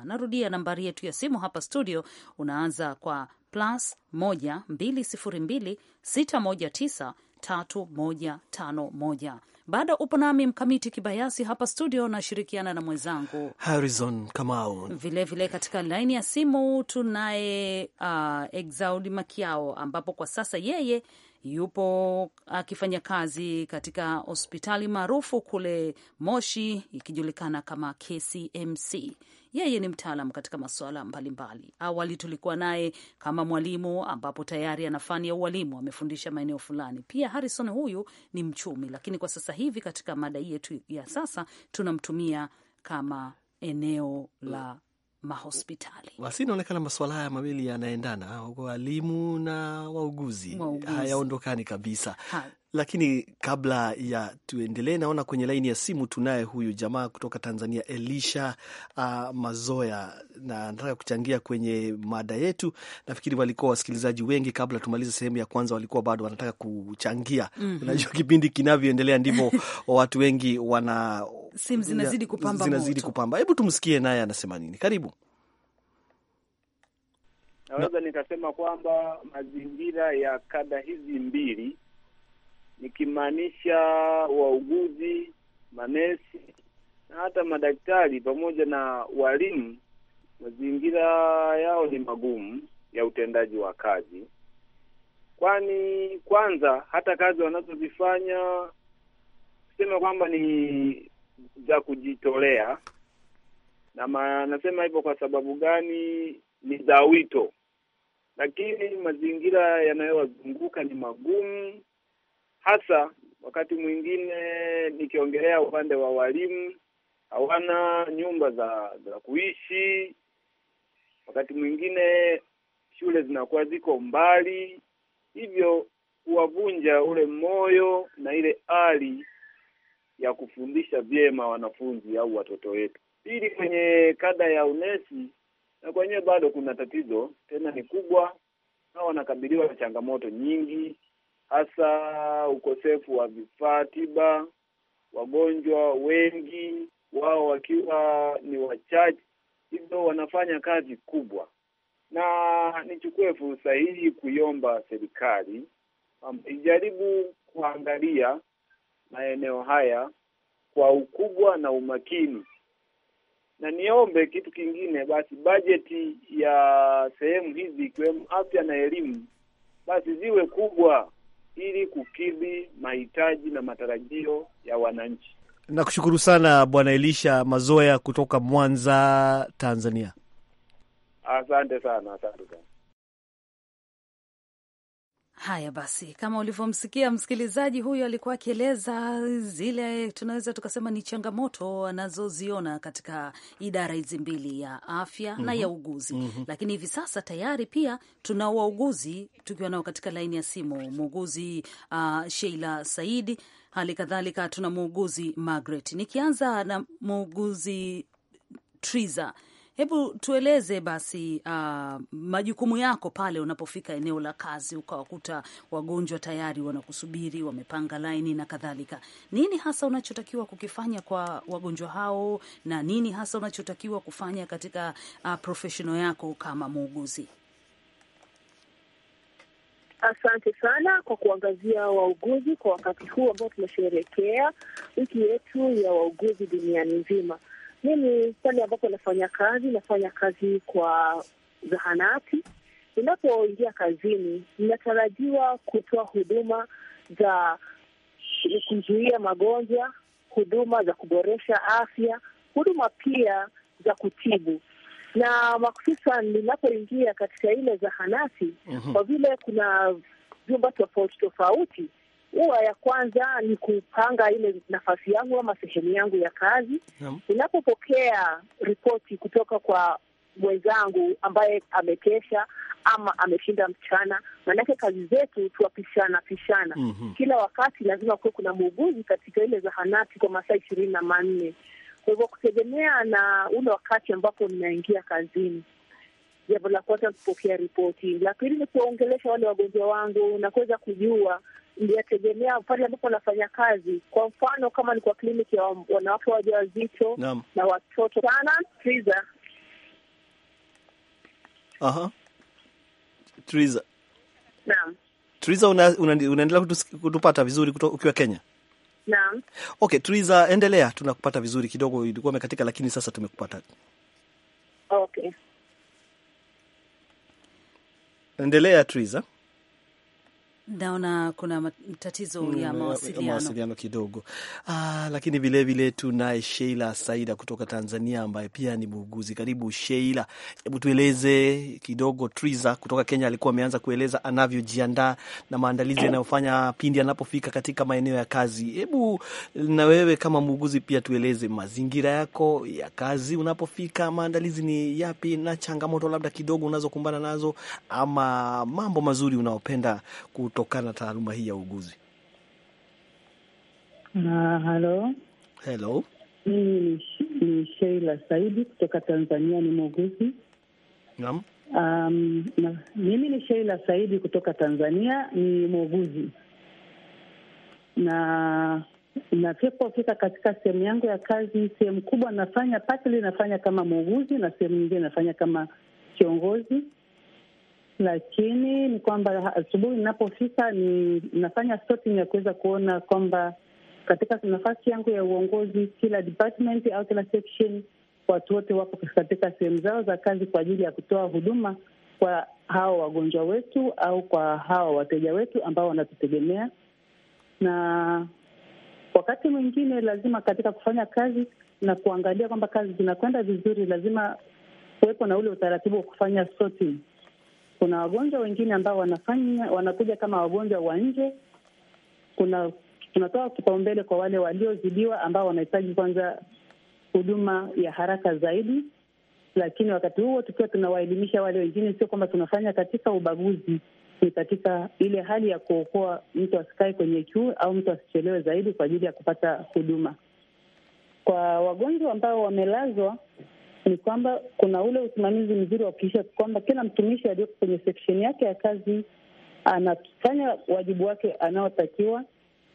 Narudia nambari yetu ya simu hapa studio, unaanza kwa plus 12026193151. Bado upo nami Mkamiti Kibayasi hapa studio, nashirikiana na mwenzangu Harrison Kamau. Vilevile katika laini ya simu tunaye uh, Exaudi Makiao, ambapo kwa sasa yeye yupo akifanya kazi katika hospitali maarufu kule Moshi ikijulikana kama KCMC. Yeye ni mtaalam katika masuala mbalimbali. Awali tulikuwa naye kama mwalimu, ambapo tayari ana fani ya ualimu, amefundisha maeneo fulani. Pia Harrison huyu ni mchumi, lakini kwa sasa hivi katika mada yetu ya sasa tunamtumia kama eneo la mahospitali. Basi inaonekana masuala haya mawili yanaendana, walimu na wauguzi, wauguzi. hayaondokani kabisa ha. Lakini kabla ya tuendelee, naona kwenye laini ya simu tunaye huyu jamaa kutoka Tanzania, Elisha uh, Mazoya, na nataka kuchangia kwenye mada yetu. Nafikiri walikuwa wasikilizaji wengi, kabla tumalize sehemu ya kwanza, walikuwa bado wanataka kuchangia. mm -hmm. Unajua kipindi kinavyoendelea ndivyo watu wengi wana simu zinazidi kupamba, zinazidi kupamba. Hebu tumsikie naye anasema nini. Karibu. Naweza nikasema kwamba mazingira ya kada hizi mbili nikimaanisha wauguzi, manesi na hata madaktari pamoja na walimu, mazingira yao ni magumu ya utendaji wa kazi, kwani kwanza hata kazi wanazozifanya sema kwamba ni za kujitolea na ma, nasema hivyo kwa sababu gani? Ni za wito, lakini mazingira yanayowazunguka ni magumu, hasa wakati mwingine, nikiongelea upande wa walimu, hawana nyumba za za kuishi. Wakati mwingine shule zinakuwa ziko mbali, hivyo kuwavunja ule moyo na ile ari ya kufundisha vyema wanafunzi au watoto wetu. Pili, kwenye kada ya unesi na kwenyewe bado kuna tatizo, tena ni kubwa, na wanakabiliwa na changamoto nyingi, hasa ukosefu wa vifaa tiba, wagonjwa wengi wao wakiwa ni wachache, hivyo wanafanya kazi kubwa, na nichukue fursa hii kuiomba serikali um, ijaribu kuangalia maeneo haya kwa ukubwa na umakini. Na niombe kitu kingine, basi bajeti ya sehemu hizi ikiwemo afya na elimu, basi ziwe kubwa ili kukidhi mahitaji na matarajio ya wananchi. Nakushukuru sana Bwana Elisha Mazoya kutoka Mwanza, Tanzania. Asante sana, asante sana. Haya basi, kama ulivyomsikia msikilizaji huyu alikuwa akieleza zile tunaweza tukasema ni changamoto anazoziona katika idara hizi mbili ya afya mm -hmm. na ya mhm. uguzi mm -hmm. Lakini hivi sasa tayari pia tuna wauguzi tukiwa nao katika laini ya simu, muuguzi uh, Sheila Saidi, hali kadhalika tuna muuguzi Margaret. Nikianza na muuguzi Triza, Hebu tueleze basi, uh, majukumu yako pale unapofika eneo la kazi ukawakuta wagonjwa tayari wanakusubiri, wamepanga laini na kadhalika. Nini hasa unachotakiwa kukifanya kwa wagonjwa hao na nini hasa unachotakiwa kufanya katika uh, professional yako kama muuguzi? Asante sana kwa kuangazia wauguzi kwa wakati huu ambao tunasherehekea wiki yetu ya wauguzi duniani nzima. Mimi pale ambapo nafanya kazi, nafanya kazi kwa zahanati. inapoingia kazini, inatarajiwa kutoa huduma za kuzuia magonjwa, huduma za kuboresha afya, huduma pia za kutibu na makususan ninapoingia katika ile zahanati, kwa mhm. vile kuna vyumba tofauti tofauti, huwa ya kwanza ni kupanga ile nafasi yangu ama sehemu yangu ya kazi. Ninapopokea ripoti kutoka kwa mwenzangu ambaye amekesha ama ameshinda mchana, maanake kazi zetu tuwapishana pishana. mm -hmm. Kila wakati lazima kuwe kuna muuguzi katika ile zahanati kwa masaa ishirini na manne. Kwa hivyo kutegemea na ule wakati ambapo ninaingia kazini Jambo la kwanza kupokea ripoti, la pili ni kuwaongelesha wale wagonjwa wangu na kuweza kujua yategemea pale ambapo wanafanya kazi. Kwa mfano kama ni kwa kliniki ya wanawake wajawazito na watoto sana Triza. Aha. Triza. Naam. Triza, unaendelea una, una kutupata vizuri kuto, ukiwa Kenya? Naam. Okay, Triza, endelea, tunakupata vizuri kidogo, ilikuwa umekatika lakini sasa tumekupata. Okay. Endelea Triza. Naona kuna tatizo mm, ya mawasiliano, mawasiliano kidogo. Ah, lakini vilevile tunaye Sheila Saida kutoka Tanzania ambaye pia ni muuguzi. Karibu Sheila, hebu tueleze kidogo. Triza kutoka Kenya alikuwa ameanza kueleza anavyojiandaa na maandalizi yanayofanya pindi anapofika katika maeneo ya kazi. Hebu na wewe kama muuguzi pia tueleze mazingira yako ya kazi unapofika, maandalizi ni yapi na changamoto labda kidogo unazokumbana nazo, ama mambo mazuri unaopenda kutokana na taaluma hii ya uuguzi? Halo, halo, mimi ni Sheila Saidi kutoka Tanzania, ni muuguzi. Naam. Um, na, mimi ni Sheila Saidi kutoka Tanzania ni muuguzi na napopofika katika sehemu yangu ya kazi, sehemu kubwa nafanya patili, nafanya kama muuguzi na sehemu nyingine nafanya kama kiongozi lakini ni kwamba asubuhi inapofika ni nafanya sorting ya kuweza kuona kwamba katika nafasi yangu ya uongozi, kila department au kila section, watu wote wapo katika sehemu zao za kazi kwa ajili ya kutoa huduma kwa hawa wagonjwa wetu au kwa hawa wateja wetu ambao wanatutegemea. Na wakati mwingine lazima katika kufanya kazi na kuangalia kwamba kazi zinakwenda vizuri, lazima kuwepo na ule utaratibu wa kufanya sorting kuna wagonjwa wengine ambao wanafanya wanakuja kama wagonjwa wa nje. Kuna tunatoa kipaumbele kwa wale waliozidiwa ambao wanahitaji kwanza huduma ya haraka zaidi, lakini wakati huo tukiwa tunawaelimisha wale wengine. Sio kwamba tunafanya katika ubaguzi, ni katika ile hali ya kuokoa mtu asikae kwenye kiu au mtu asichelewe zaidi kwa ajili ya kupata huduma. Kwa wagonjwa ambao wamelazwa ni kwamba kuna ule usimamizi mzuri wa kuhakikisha kwamba kila mtumishi aliyoko kwenye seksheni yake ya kazi anafanya wajibu wake anaotakiwa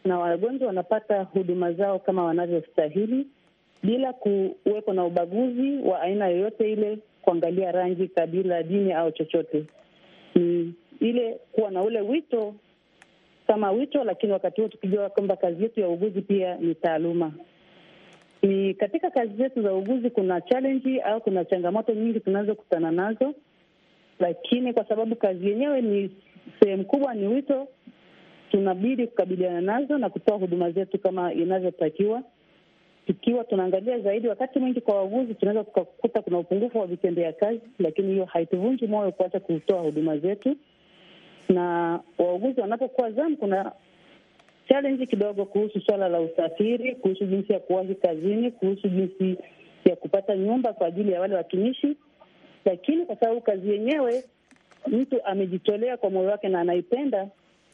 na wagonjwa wanapata huduma zao kama wanavyostahili bila kuwepo na ubaguzi wa aina yoyote ile, kuangalia rangi, kabila, dini au chochote. Ni ile kuwa na ule wito kama wito, lakini wakati huo tukijua kwamba kazi yetu ya uuguzi pia ni taaluma. Ni katika kazi zetu za uuguzi, kuna challenge au kuna changamoto nyingi tunazokutana nazo, lakini kwa sababu kazi yenyewe ni sehemu kubwa, ni wito, tunabidi kukabiliana nazo na kutoa huduma zetu kama inavyotakiwa, tukiwa tunaangalia zaidi. Wakati mwingi kwa wauguzi tunaweza tukakuta kuna upungufu wa vitendea kazi, lakini hiyo haituvunji moyo kuacha kutoa huduma zetu. Na wauguzi wanapokuwa zamu, kuna challenge kidogo kuhusu swala la usafiri, kuhusu jinsi ya kuwahi kazini, kuhusu jinsi ya kupata nyumba kwa ajili ya wale watumishi. Lakini kwa sababu kazi yenyewe mtu amejitolea kwa moyo wake na anaipenda,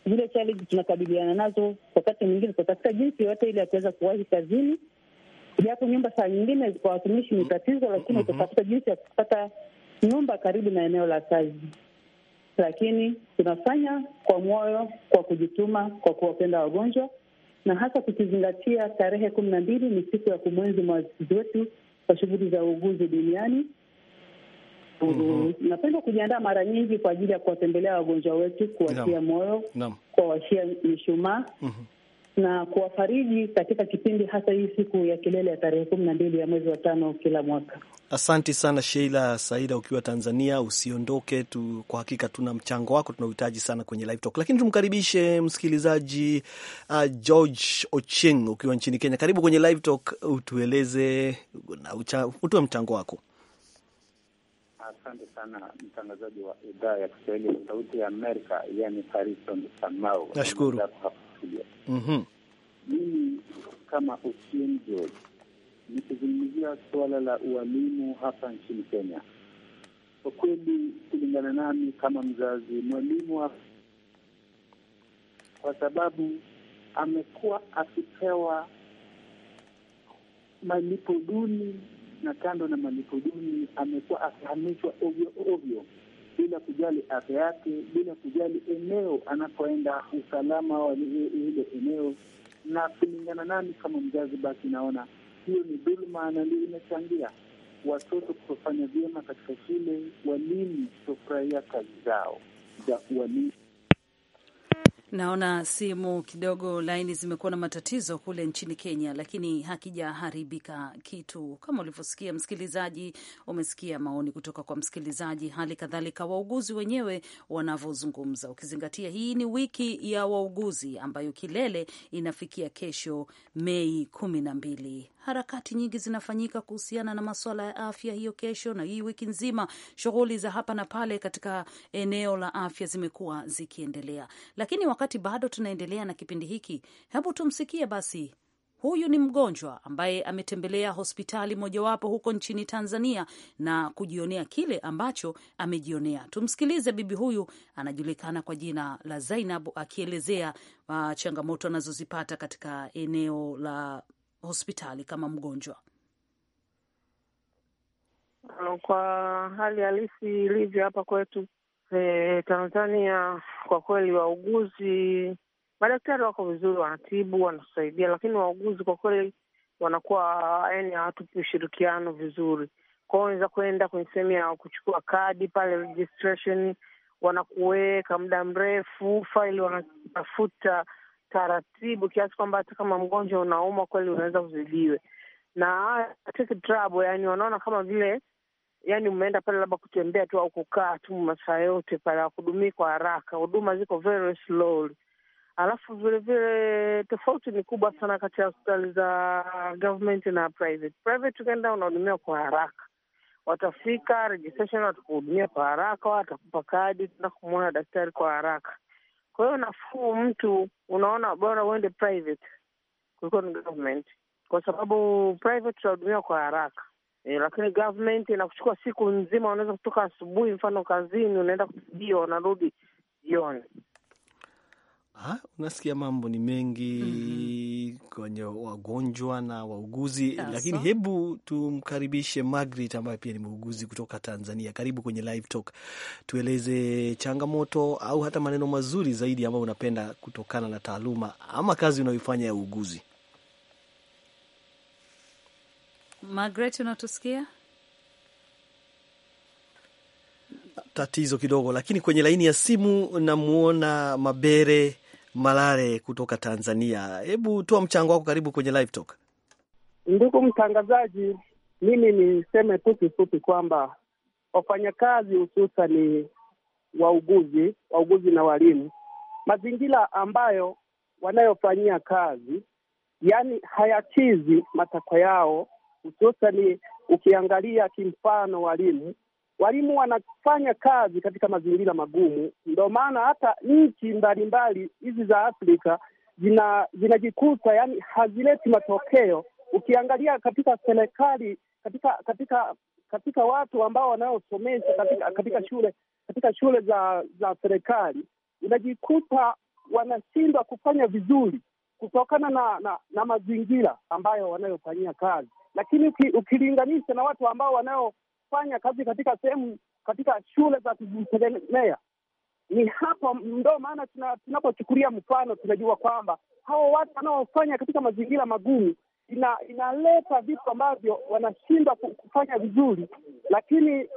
zile challenge tunakabiliana nazo wakati mwingine kutafuta jinsi yoyote ile ya kuweza kuwahi kazini, japo nyumba saa nyingine kwa watumishi ni tatizo, lakini utatafuta mhm. jinsi ya kupata nyumba karibu na eneo la kazi lakini tunafanya kwa moyo, kwa kujituma, kwa kuwapenda wagonjwa, na hasa tukizingatia tarehe kumi na mbili ni siku ya kumwenzi mwasisi wetu kwa shughuli za uuguzi duniani. Mm -hmm. Napenda kujiandaa mara nyingi kwa ajili ya kuwatembelea wagonjwa wetu, kuwatia moyo, kuwawashia mishumaa. mm -hmm na kuwafariji katika kipindi hasa hii siku ya kilele ya tarehe kumi na mbili ya mwezi wa tano kila mwaka. Asanti sana Sheila Saida ukiwa Tanzania, usiondoke tu, kwa hakika tuna mchango wako tunauhitaji sana kwenye live talk, lakini tumkaribishe msikilizaji uh, George Ocheng ukiwa nchini Kenya. Karibu kwenye live talk, utueleze na utoe mchango wako. Asante sana mtangazaji wa idhaa ya Kiswahili Sauti ya Amerika, yani Harrison Kamau, nashukuru kulia. Mhm. Mimi mm kama Ochieng George nikizungumzia suala la ualimu hapa nchini Kenya, kwa kweli, kulingana nami kama mzazi, mwalimu kwa sababu amekuwa akipewa malipo duni, na kando na malipo duni amekuwa akihamishwa ovyo ovyo bila kujali afya yake, bila kujali eneo anapoenda, usalama wa ile eneo. Na kulingana nami kama mzazi, basi naona hiyo ni dhuluma na ndio imechangia watoto kutofanya vyema katika shule, walimu kutofurahia kazi zao za ualimu Naona simu kidogo, laini zimekuwa na matatizo kule nchini Kenya, lakini hakijaharibika kitu. Kama ulivyosikia msikilizaji, umesikia maoni kutoka kwa msikilizaji, hali kadhalika wauguzi wenyewe wanavyozungumza, ukizingatia hii ni wiki ya wauguzi ambayo kilele inafikia kesho Mei kumi na mbili harakati nyingi zinafanyika kuhusiana na masuala ya afya hiyo. Kesho na hii wiki nzima, shughuli za hapa na pale katika eneo la afya zimekuwa zikiendelea, lakini wakati bado tunaendelea na kipindi hiki, hebu tumsikie basi. Huyu ni mgonjwa ambaye ametembelea hospitali mojawapo huko nchini Tanzania na kujionea kile ambacho amejionea. Tumsikilize bibi huyu, anajulikana kwa jina la zainab akielezea uh, changamoto anazozipata katika eneo la hospitali kama mgonjwa? Uh, kwa hali halisi ilivyo hapa kwetu e, Tanzania, kwa kweli wauguzi, madaktari wako vizuri, wanatibu, wanatusaidia, lakini wauguzi kwa kweli wanakuwa yani hawatupi ushirikiano vizuri. Kwao unaweza kuenda kwenye sehemu ya kuchukua kadi pale registration, wanakuweka muda mrefu, faili wanatafuta taratibu kiasi kwamba hata kama mgonjwa unaumwa kweli unaweza uzidiwe na take trouble, yani wanaona kama vile yani umeenda pale labda kutembea tu au kukaa tu masaa yote pale, wakudumii kwa haraka, huduma ziko very slowly. Alafu vilevile tofauti ni kubwa sana kati ya hospitali za government na private. Private ukienda unahudumiwa kwa haraka, watafika registration, watakuhudumia kwa haraka, watakupa kadi, tenda kumwona daktari kwa haraka kwa hiyo nafuu, mtu unaona bora uende private kuliko ni government, kwa sababu private utahudumiwa kwa haraka e, lakini government inakuchukua siku nzima. Unaweza kutoka asubuhi, mfano kazini, unaenda kutubiwa, unarudi jioni. Ha, ah, unasikia mambo ni mengi mm -hmm. kwenye wagonjwa na wauguzi That's lakini so. Hebu tumkaribishe Margaret ambaye pia ni muuguzi kutoka Tanzania. Karibu kwenye Live Talk, tueleze changamoto au hata maneno mazuri zaidi ambayo unapenda kutokana na taaluma ama kazi unayoifanya ya uuguzi. Margaret, unatusikia? Tatizo kidogo, lakini kwenye laini ya simu namwona Mabere Malare kutoka Tanzania, hebu toa mchango wako, karibu kwenye live talk. Ndugu mtangazaji, mimi niseme tu kifupi kwamba wafanyakazi hususani wauguzi, wauguzi na walimu, mazingira ambayo wanayofanyia kazi yani hayakizi matakwa yao, hususani ukiangalia kimfano walimu Walimu wanafanya kazi katika mazingira magumu, ndo maana hata nchi mbalimbali hizi za Afrika zinajikuta yani hazileti matokeo. Ukiangalia katika serikali, katika katika katika watu ambao wanaosomesha katika katika shule katika shule za za serikali unajikuta wanashindwa kufanya vizuri kutokana na na, na mazingira ambayo wanayofanyia kazi, lakini ukilinganisha na watu ambao wanao kufanya kazi katika sehemu, katika shule za kujitegemea. Ni hapa ndo maana tunapochukulia mfano tunajua kwamba hao watu wanaofanya katika mazingira magumu ina, inaleta vitu ambavyo wanashindwa kufanya vizuri, lakini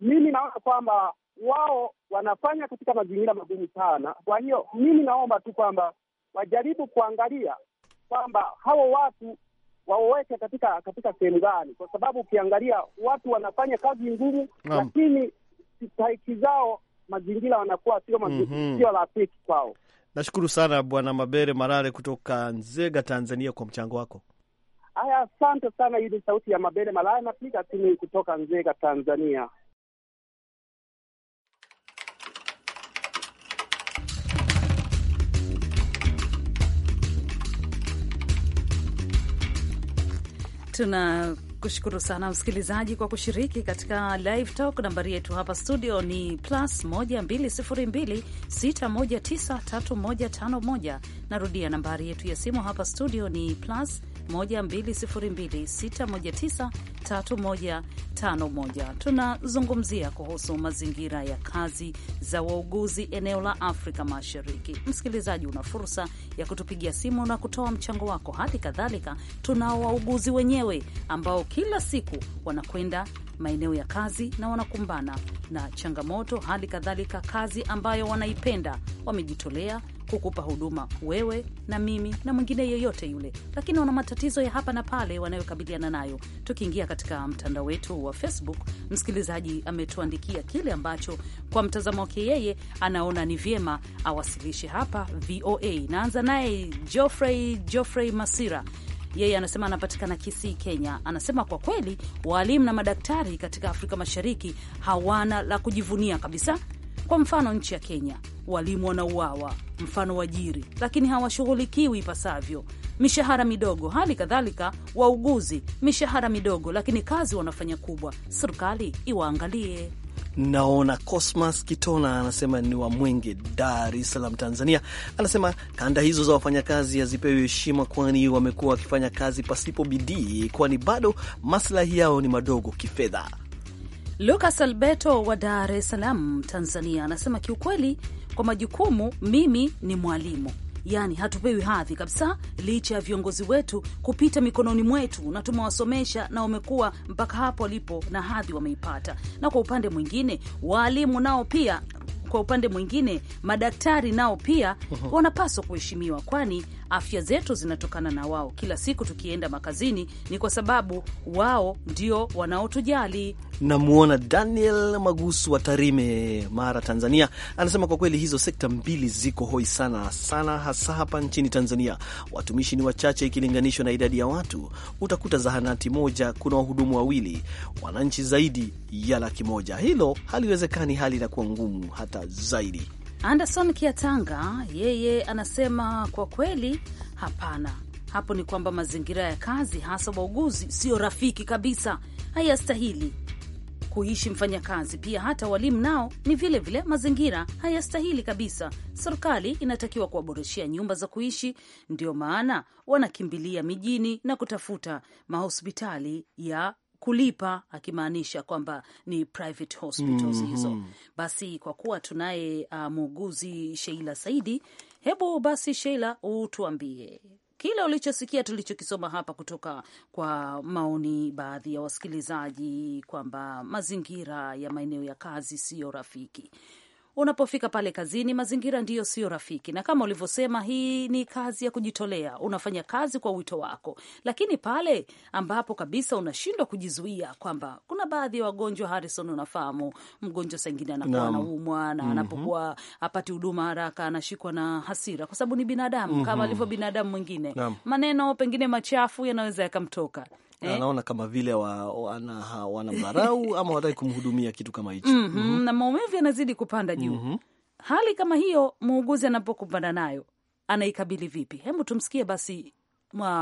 mimi naona kwamba wao wanafanya katika mazingira magumu sana. Kwa hiyo mimi naomba tu kwamba wajaribu kuangalia kwamba hao watu waoweke katika katika sehemu gani, kwa sababu ukiangalia watu wanafanya kazi ngumu, lakini stahiki zao mazingira wanakuwa sio mhm. sio rafiki kwao. Nashukuru sana Bwana Mabere Marare kutoka Nzega, Tanzania, kwa mchango wako. Haya, asante sana. Hii ni sauti ya Mabere Malaya, napiga simu kutoka Nzega, Tanzania. tuna kushukuru sana msikilizaji kwa kushiriki katika live talk. Nambari yetu hapa studio ni plus 12026193151. Narudia, nambari yetu ya simu hapa studio ni plus 12026193151. Tunazungumzia kuhusu mazingira ya kazi za wauguzi eneo la Afrika Mashariki. Msikilizaji, una fursa ya kutupigia simu na kutoa mchango wako. Hali kadhalika tunao wauguzi wenyewe ambao kila siku wanakwenda maeneo ya kazi na wanakumbana na changamoto, hali kadhalika kazi ambayo wanaipenda, wamejitolea kukupa huduma wewe na mimi na mwingine yeyote yule, lakini wana matatizo ya hapa na pale wanayokabiliana nayo. Tukiingia katika mtandao wetu wa Facebook, msikilizaji ametuandikia kile ambacho kwa mtazamo wake yeye anaona ni vyema awasilishe hapa VOA. Naanza naye Geoffrey Geoffrey Masira yeye anasema anapatikana Kisii, Kenya. Anasema kwa kweli, waalimu na madaktari katika Afrika Mashariki hawana la kujivunia kabisa kwa mfano nchi ya Kenya, walimu wanauawa, mfano wajiri, lakini hawashughulikiwi ipasavyo, mishahara midogo. Hali kadhalika wauguzi, mishahara midogo, lakini kazi wanafanya kubwa. Serikali iwaangalie. Naona Cosmas Kitona anasema ni wa Mwenge, Dar es Salaam, Tanzania. Anasema kanda hizo za wafanyakazi hazipewi heshima, kwani wamekuwa wakifanya kazi pasipo bidii, kwani bado maslahi yao ni madogo kifedha. Lucas Alberto wa Dar es Salaam, Tanzania, anasema kiukweli, kwa majukumu mimi ni mwalimu yani hatupewi hadhi kabisa, licha ya viongozi wetu kupita mikononi mwetu na tumewasomesha na wamekuwa mpaka hapo walipo na hadhi wameipata. Na kwa upande mwingine waalimu nao pia, kwa upande mwingine madaktari nao pia wanapaswa kuheshimiwa, kwani afya zetu zinatokana na wao. Kila siku tukienda makazini ni kwa sababu wao ndio wanaotujali. Namwona Daniel Magusu wa Tarime, Mara, Tanzania, anasema kwa kweli hizo sekta mbili ziko hoi sana sana, hasa hapa nchini Tanzania. Watumishi ni wachache ikilinganishwa na idadi ya watu. Utakuta zahanati moja kuna wahudumu wawili, wananchi zaidi ya laki moja. Hilo haliwezekani, hali inakuwa ngumu hata zaidi. Anderson Kiatanga yeye anasema kwa kweli, hapana, hapo ni kwamba mazingira ya kazi hasa wauguzi sio rafiki kabisa, hayastahili kuishi mfanyakazi. Pia hata walimu nao ni vile vile, mazingira hayastahili kabisa. Serikali inatakiwa kuwaboreshea nyumba za kuishi, ndio maana wanakimbilia mijini na kutafuta mahospitali ya kulipa akimaanisha kwamba ni private hospitals mm -hmm. hizo. Basi kwa kuwa tunaye uh, muuguzi Sheila Saidi, hebu basi Sheila, utuambie kile ulichosikia tulichokisoma hapa kutoka kwa maoni baadhi ya wasikilizaji kwamba mazingira ya maeneo ya kazi siyo rafiki unapofika pale kazini, mazingira ndiyo sio rafiki, na kama ulivyosema, hii ni kazi ya kujitolea, unafanya kazi kwa wito wako. Lakini pale ambapo kabisa unashindwa kujizuia, kwamba kuna baadhi ya wagonjwa Harrison, unafahamu mgonjwa saingine anakuwa anaumwa na mhm. anapokuwa apati huduma haraka, anashikwa na hasira, kwa sababu ni binadamu kama mhm. alivyo binadamu mwingine, maneno pengine machafu yanaweza yakamtoka eh? Anaona kama vile wa, wana ama wataki kumhudumia kitu kama hicho mm -hmm. mm -hmm. na maumivu yanazidi kupanda juu mm -hmm. Hali kama hiyo muuguzi anapokumbana nayo anaikabili vipi? Hebu tumsikie basi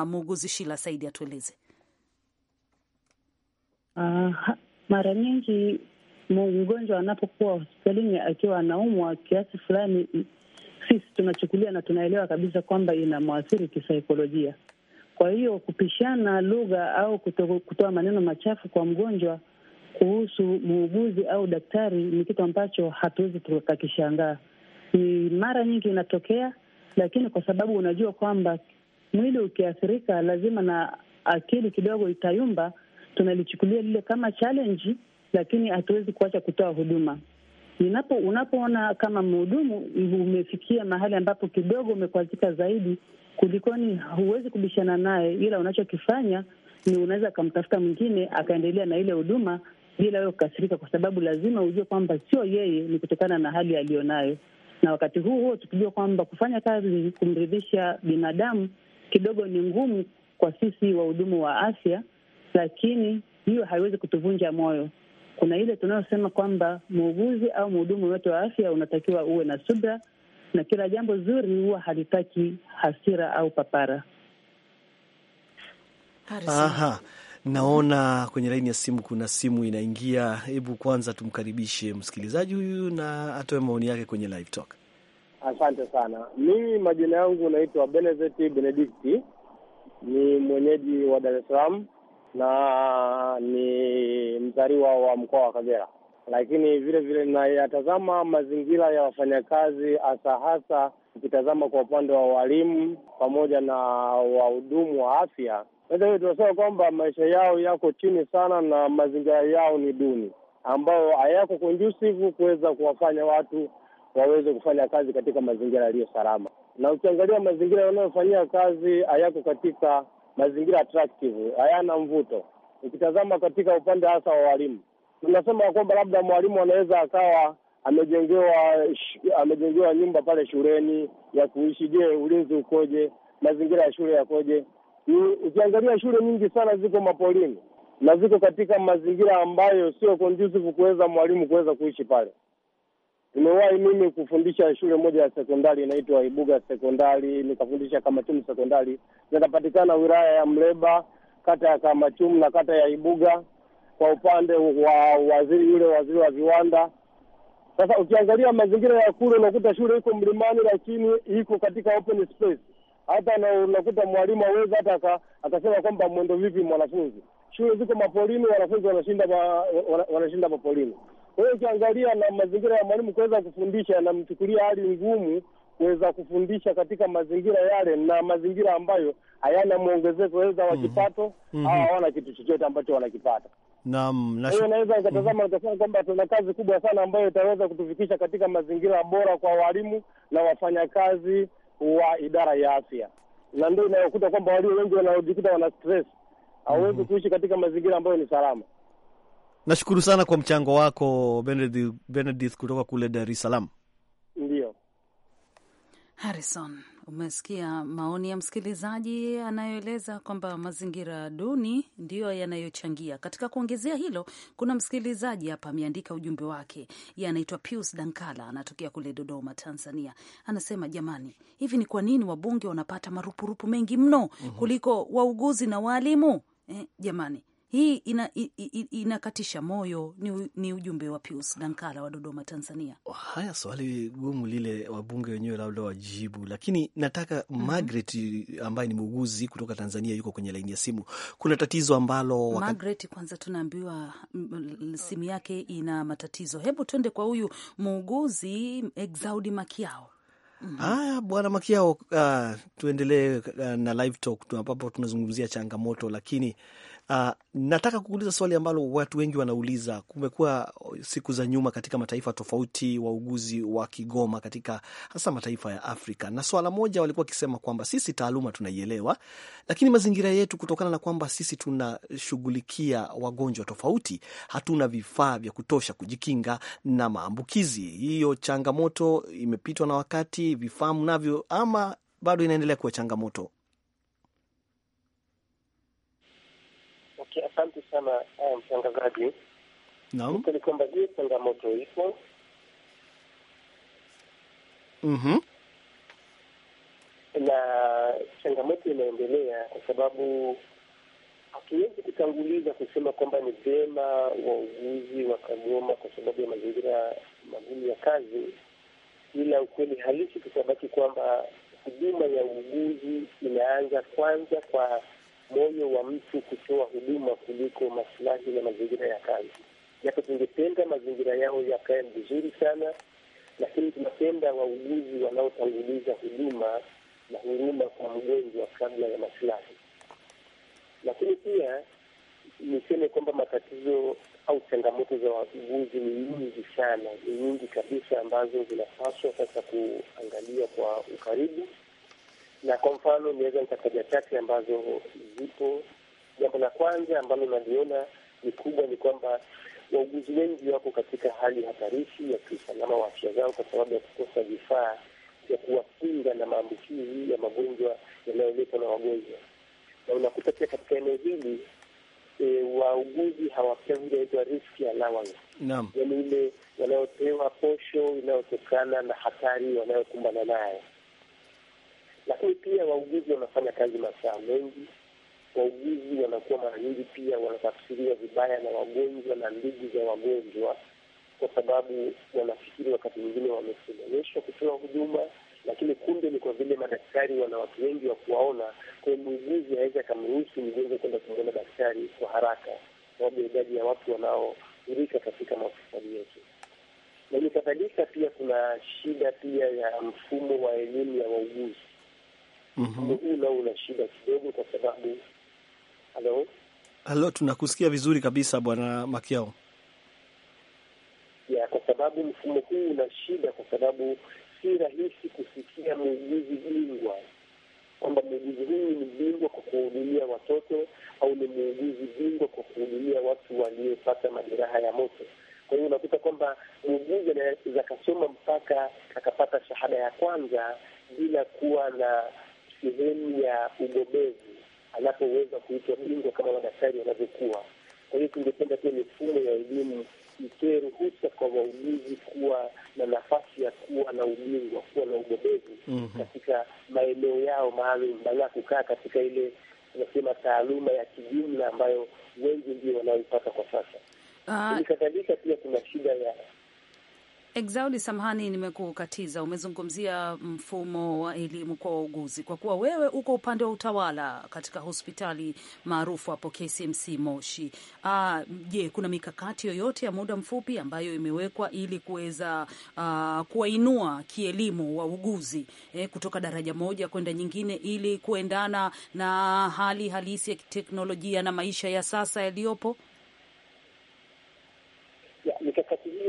muuguzi Shila Saidi atueleze. Uh, mara nyingi mgonjwa anapokuwa hospitalini akiwa anaumwa kiasi fulani, sisi tunachukulia na tunaelewa kabisa kwamba inamwathiri kisaikolojia, kwa hiyo kupishana lugha au kutoa maneno machafu kwa mgonjwa kuhusu muuguzi au daktari ni kitu ambacho hatuwezi tukakishangaa. Ni mara nyingi inatokea, lakini kwa sababu unajua kwamba mwili ukiathirika lazima na akili kidogo itayumba, tunalichukulia lile kama challenge, lakini hatuwezi kuacha kutoa huduma. unapoona kama mhudumu umefikia mahali ambapo kidogo umekwazika zaidi, kulikoni, huwezi kubishana naye, ila unachokifanya ni unaweza akamtafuta mwingine akaendelea na ile huduma bila wewe kukasirika, kwa sababu lazima ujue kwamba sio yeye, ni kutokana na hali aliyonayo. Na wakati huu huo tukijua kwamba kufanya kazi kumridhisha binadamu kidogo ni ngumu kwa sisi wahudumu wa afya, lakini hiyo haiwezi kutuvunja moyo. Kuna ile tunayosema kwamba muuguzi au mhudumu yote wa afya unatakiwa uwe na subra na kila jambo zuri huwa halitaki hasira au papara. Aha, naona kwenye laini ya simu kuna simu inaingia. Hebu kwanza tumkaribishe msikilizaji huyu na atoe maoni yake kwenye live talk. Asante sana. Mimi majina yangu naitwa Benezeti Benedikti, ni mwenyeji wa Dar es Salaam na ni mzaliwa wa mkoa wa Kagera lakini vile vile nayatazama mazingira ya wafanyakazi, hasa hasa ukitazama kwa upande wa walimu pamoja na wahudumu wa afya. Sasa hiyo tunasema kwamba maisha yao yako chini sana na mazingira yao ni duni, ambayo hayako conducive kuweza kuwafanya watu waweze kufanya kazi katika mazingira yaliyo salama, na ukiangalia mazingira yanayofanyia kazi hayako katika mazingira attractive, hayana mvuto. Ukitazama katika upande hasa wa walimu, tunasema kwamba labda mwalimu anaweza akawa amejengewa amejengewa nyumba pale shuleni ya kuishi. Je, ulinzi ukoje? Mazingira ya shule yakoje? Ukiangalia shule nyingi sana ziko mapolini na ziko katika mazingira ambayo sio conducive kuweza mwalimu kuweza kuishi pale. Nimewahi mimi kufundisha shule moja ya sekondari inaitwa Ibuga Sekondari, nikafundisha Kamachumu Sekondari, zinapatikana wilaya ya Mleba, kata ya Kamachumu na kata ya Ibuga kwa upande wa waziri yule waziri wa viwanda. Sasa ukiangalia mazingira ya kule, unakuta shule iko mlimani, lakini iko katika open space. Hata unakuta mwalimu aweza hata akasema kwamba mwendo vipi mwanafunzi. Shule ziko mapolini, wanafunzi wanashinda ma, wanashinda mapolini. Kwa hiyo ukiangalia na mazingira ya mwalimu kuweza kufundisha, anamchukulia hali ngumu kuweza kufundisha katika mazingira yale na mazingira ambayo hayana mwongezeko weza wa mhm. kipato mm -hmm. au hawana kitu chochote ambacho wanakipata. Naam, na hiyo naweza nikatazama mm -hmm. nikasema kwamba tuna kazi kubwa sana ambayo itaweza kutufikisha katika mazingira bora kwa walimu na wafanyakazi wa idara ya afya, na ndio inayokuta kwamba walio wengi wanaojikuta wana stress hawezi mm -hmm. kuishi katika mazingira ambayo ni salama. Nashukuru sana kwa mchango wako Benedict kutoka kule Dar es Salaam. Ndio. Harrison, umesikia maoni ya msikilizaji anayoeleza kwamba mazingira duni ndiyo yanayochangia katika kuongezea hilo. Kuna msikilizaji hapa ameandika ujumbe wake, ye anaitwa Pius Dankala, anatokea kule Dodoma, Tanzania. Anasema, jamani, hivi ni kwa nini wabunge wanapata marupurupu mengi mno mhm. kuliko wauguzi na waalimu eh? Jamani, hii ina, ina, inakatisha moyo. Ni, ni ujumbe wa Pius Dankala wa Dodoma, Tanzania. Oh, haya, swali gumu lile, wabunge wenyewe labda wajibu, lakini nataka mm -hmm. Margaret ambaye ni muuguzi kutoka Tanzania yuko kwenye laini ya simu. Kuna tatizo ambalo waka... Margaret, kwanza tunaambiwa simu yake ina matatizo. Hebu tuende kwa huyu muuguzi Exaudi Makiao. Mm haya -hmm. Bwana Makiao, uh, tuendelee uh, na live talk ambapo tunazungumzia changamoto, lakini Uh, nataka kuuliza swali ambalo watu wengi wanauliza. Kumekuwa siku za nyuma katika mataifa tofauti wauguzi wa kigoma katika hasa mataifa ya Afrika, na swala moja walikuwa wakisema kwamba sisi taaluma tunaielewa, lakini mazingira yetu, kutokana na kwamba sisi tunashughulikia wagonjwa tofauti, hatuna vifaa vya kutosha kujikinga na maambukizi. Hiyo changamoto imepitwa na wakati, vifaa mnavyo ama bado inaendelea kuwa changamoto? Okay, asante sana eh, mtangazaji. Naam, ni kwamba hiyo changamoto ipo. Mhm, na changamoto inaendelea kwa sababu hatuwezi kutanguliza kusema kwamba ni vyema wauguzi wakagoma kwa sababu ya mazingira magumu ya kazi, ila ukweli halisi tutabaki kwamba huduma ya uuguzi inaanza kwanza kwa moyo wa mtu kutoa huduma kuliko maslahi na mazingira ya kazi, japo tungependa mazingira yao yakae vizuri sana, lakini tunapenda wauguzi wanaotanguliza huduma na huruma kwa mgonjwa kabla ya masilahi Lakini pia niseme kwamba matatizo au changamoto za wauguzi ni nyingi sana, ni nyingi kabisa, ambazo zinapaswa sasa kuangalia kwa ukaribu na kwa mfano niweza nikataja chache ambazo zipo. Jambo la kwanza ambalo naliona ni kubwa ni kwamba wauguzi wengi wako katika hali hatarishi ya kiusalama wa afya zao kwa sababu ya kukosa vifaa vya kuwakinga na maambukizi ya magonjwa yanayoletwa na wagonjwa, na unakuta pia katika eneo hili E, wauguzi hawapewi inaitwa risk allowance, yaani ile wanayopewa posho inayotokana na hatari wanayokumbana nayo. Lakini pia wauguzi wanafanya kazi masaa mengi. Wauguzi wanakuwa mara nyingi pia wanatafsiriwa vibaya na wagonjwa na ndugu za wagonjwa, kwa sababu wanafikiri wakati mwingine wamesimamishwa kutoa huduma, lakini kumbe ni kwa vile madaktari wana watu wengi wa kuwaona. Kwa hiyo muuguzi aweze akamruhusu mgonjwa kwenda kumwona daktari kwa haraka, sababu ya idadi ya watu wanaohurika katika mahospitali yetu na ni kadhalika. Pia kuna shida pia ya mfumo wa elimu ya wauguzi huu mhm. nao una shida kidogo, kwa sababu halo halo, tunakusikia vizuri kabisa bwana Makiao ya kwa sababu mfumo huu una shida, kwa sababu si rahisi kusikia muuguzi bingwa kwamba muuguzi huyu ni bingwa kwa kuhudumia watoto au ni muuguzi bingwa kwa kuhudumia watu waliopata majeraha ya moto. Kwa hiyo unakuta kwamba muuguzi anaweza akasoma mpaka akapata shahada ya kwanza bila kuwa na sehemu ya ugobezi anapoweza kuitwa bingwa kama madaktari wanavyokuwa. Kwa hiyo tungependa pia mifumo ya elimu itoe ruhusa kwa wauguzi kuwa na nafasi ya kuwa na ubingwa, kuwa na ugobezi mm -hmm. katika maeneo yao maalum, badala ya kukaa katika ile tunasema taaluma ya kijumla ambayo wengi ndio wanaoipata kwa sasa. Ah. kadhalika pia kuna shida ya Exaudi, samahani nimekukatiza. Umezungumzia mfumo wa elimu kwa wauguzi, kwa kuwa wewe uko upande wa utawala katika hospitali maarufu hapo KCMC Moshi. Ah, je, kuna mikakati yoyote ya muda mfupi ambayo imewekwa ili kuweza ah, kuwainua kielimu wauguzi e, kutoka daraja moja kwenda nyingine ili kuendana na hali halisi ya teknolojia na maisha ya sasa yaliyopo?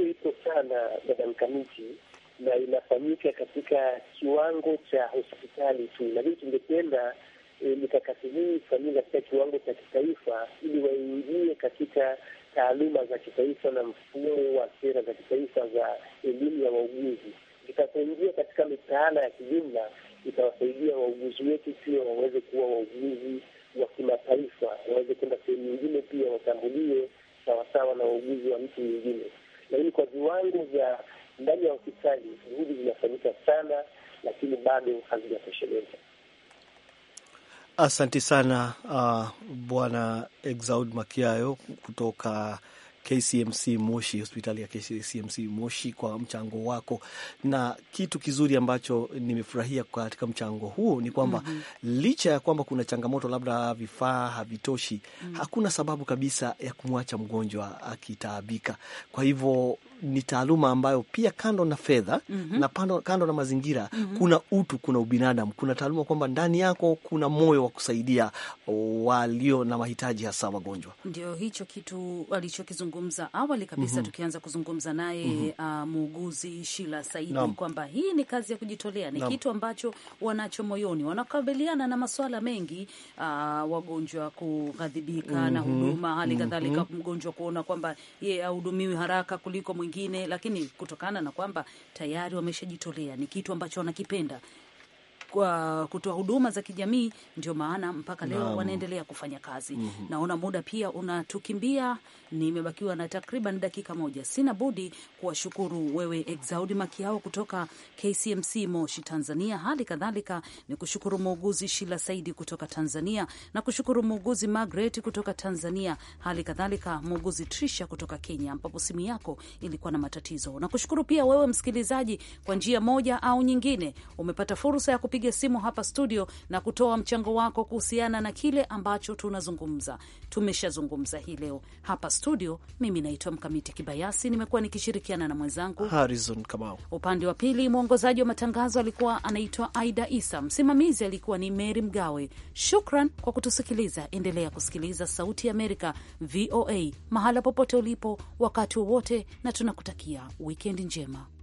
nzito sana, Madam Kamiti, na inafanyika katika kiwango cha hospitali tu, lakini tungependa eh, mikakati hii ifanyike katika kiwango cha kitaifa, ili waingie katika taaluma za kitaifa na mfumo wa sera za kitaifa za elimu ya wauguzi. Itakapoingia katika mitaala ya kijumla, itawasaidia wauguzi wetu pia waweze kuwa wauguzi wa kimataifa, waweze kwenda sehemu nyingine pia watambuliwe sawasawa na wauguzi wa mtu mwingine lakini kwa viwango vya ndani ya hospitali juhudi zinafanyika sana, lakini bado hazijatosheleza. Asante sana uh, Bwana Exaud Makiayo kutoka KCMC Moshi, hospitali ya KCMC Moshi kwa mchango wako, na kitu kizuri ambacho nimefurahia katika mchango huo ni kwamba mm -hmm. licha ya kwamba kuna changamoto labda vifaa havitoshi mm -hmm. hakuna sababu kabisa ya kumwacha mgonjwa akitaabika. Kwa hivyo ni taaluma ambayo pia kando na fedha mm -hmm. na pando, kando na mazingira mm -hmm. kuna utu, kuna ubinadamu, kuna taaluma kwamba ndani yako kuna moyo wa kusaidia walio na mahitaji, hasa wagonjwa. Ndio hicho kitu alichokizungumza awali kabisa mm -hmm. tukianza kuzungumza naye mm -hmm. uh, muuguzi Shila Saidi kwamba hii ni kazi ya kujitolea, ni Naam. kitu ambacho wanacho moyoni, wanakabiliana na masuala mengi uh, wagonjwa kughadhibika mm -hmm. na mhm. huduma, hali mhm. kadhalika mm -hmm. mgonjwa kuona kwamba ye ahudumiwi haraka kuliko wengine, lakini kutokana na kwamba tayari wameshajitolea, ni kitu ambacho wanakipenda, uh, kutoa huduma za kijamii, ndio maana mpaka leo Naam. wanaendelea kufanya kazi mm -hmm. Naona muda pia unatukimbia, nimebakiwa na takriban dakika moja. Sina budi kuwashukuru wewe Exaudi Makiao kutoka KCMC Moshi, Tanzania. Hali kadhalika ni kushukuru muuguzi Shila Saidi kutoka Tanzania na kushukuru muuguzi Margaret kutoka Tanzania, hali kadhalika muuguzi Trisha kutoka Kenya, ambapo simu yako ilikuwa na matatizo. Nakushukuru pia wewe msikilizaji, kwa njia moja au nyingine umepata fursa ya kupiga kupiga simu hapa studio na kutoa mchango wako kuhusiana na kile ambacho tunazungumza. Tumeshazungumza hii leo hapa studio. Mimi naitwa Mkamiti Kibayasi, nimekuwa nikishirikiana na mwenzangu Harrison Kamau. Upande wa pili, mwongozaji wa matangazo alikuwa anaitwa Aida Isa, msimamizi alikuwa ni Mary Mgawe. Shukran kwa kutusikiliza. Endelea kusikiliza Sauti ya Amerika, VOA, mahala popote ulipo, wakati wowote, na tunakutakia wikendi njema.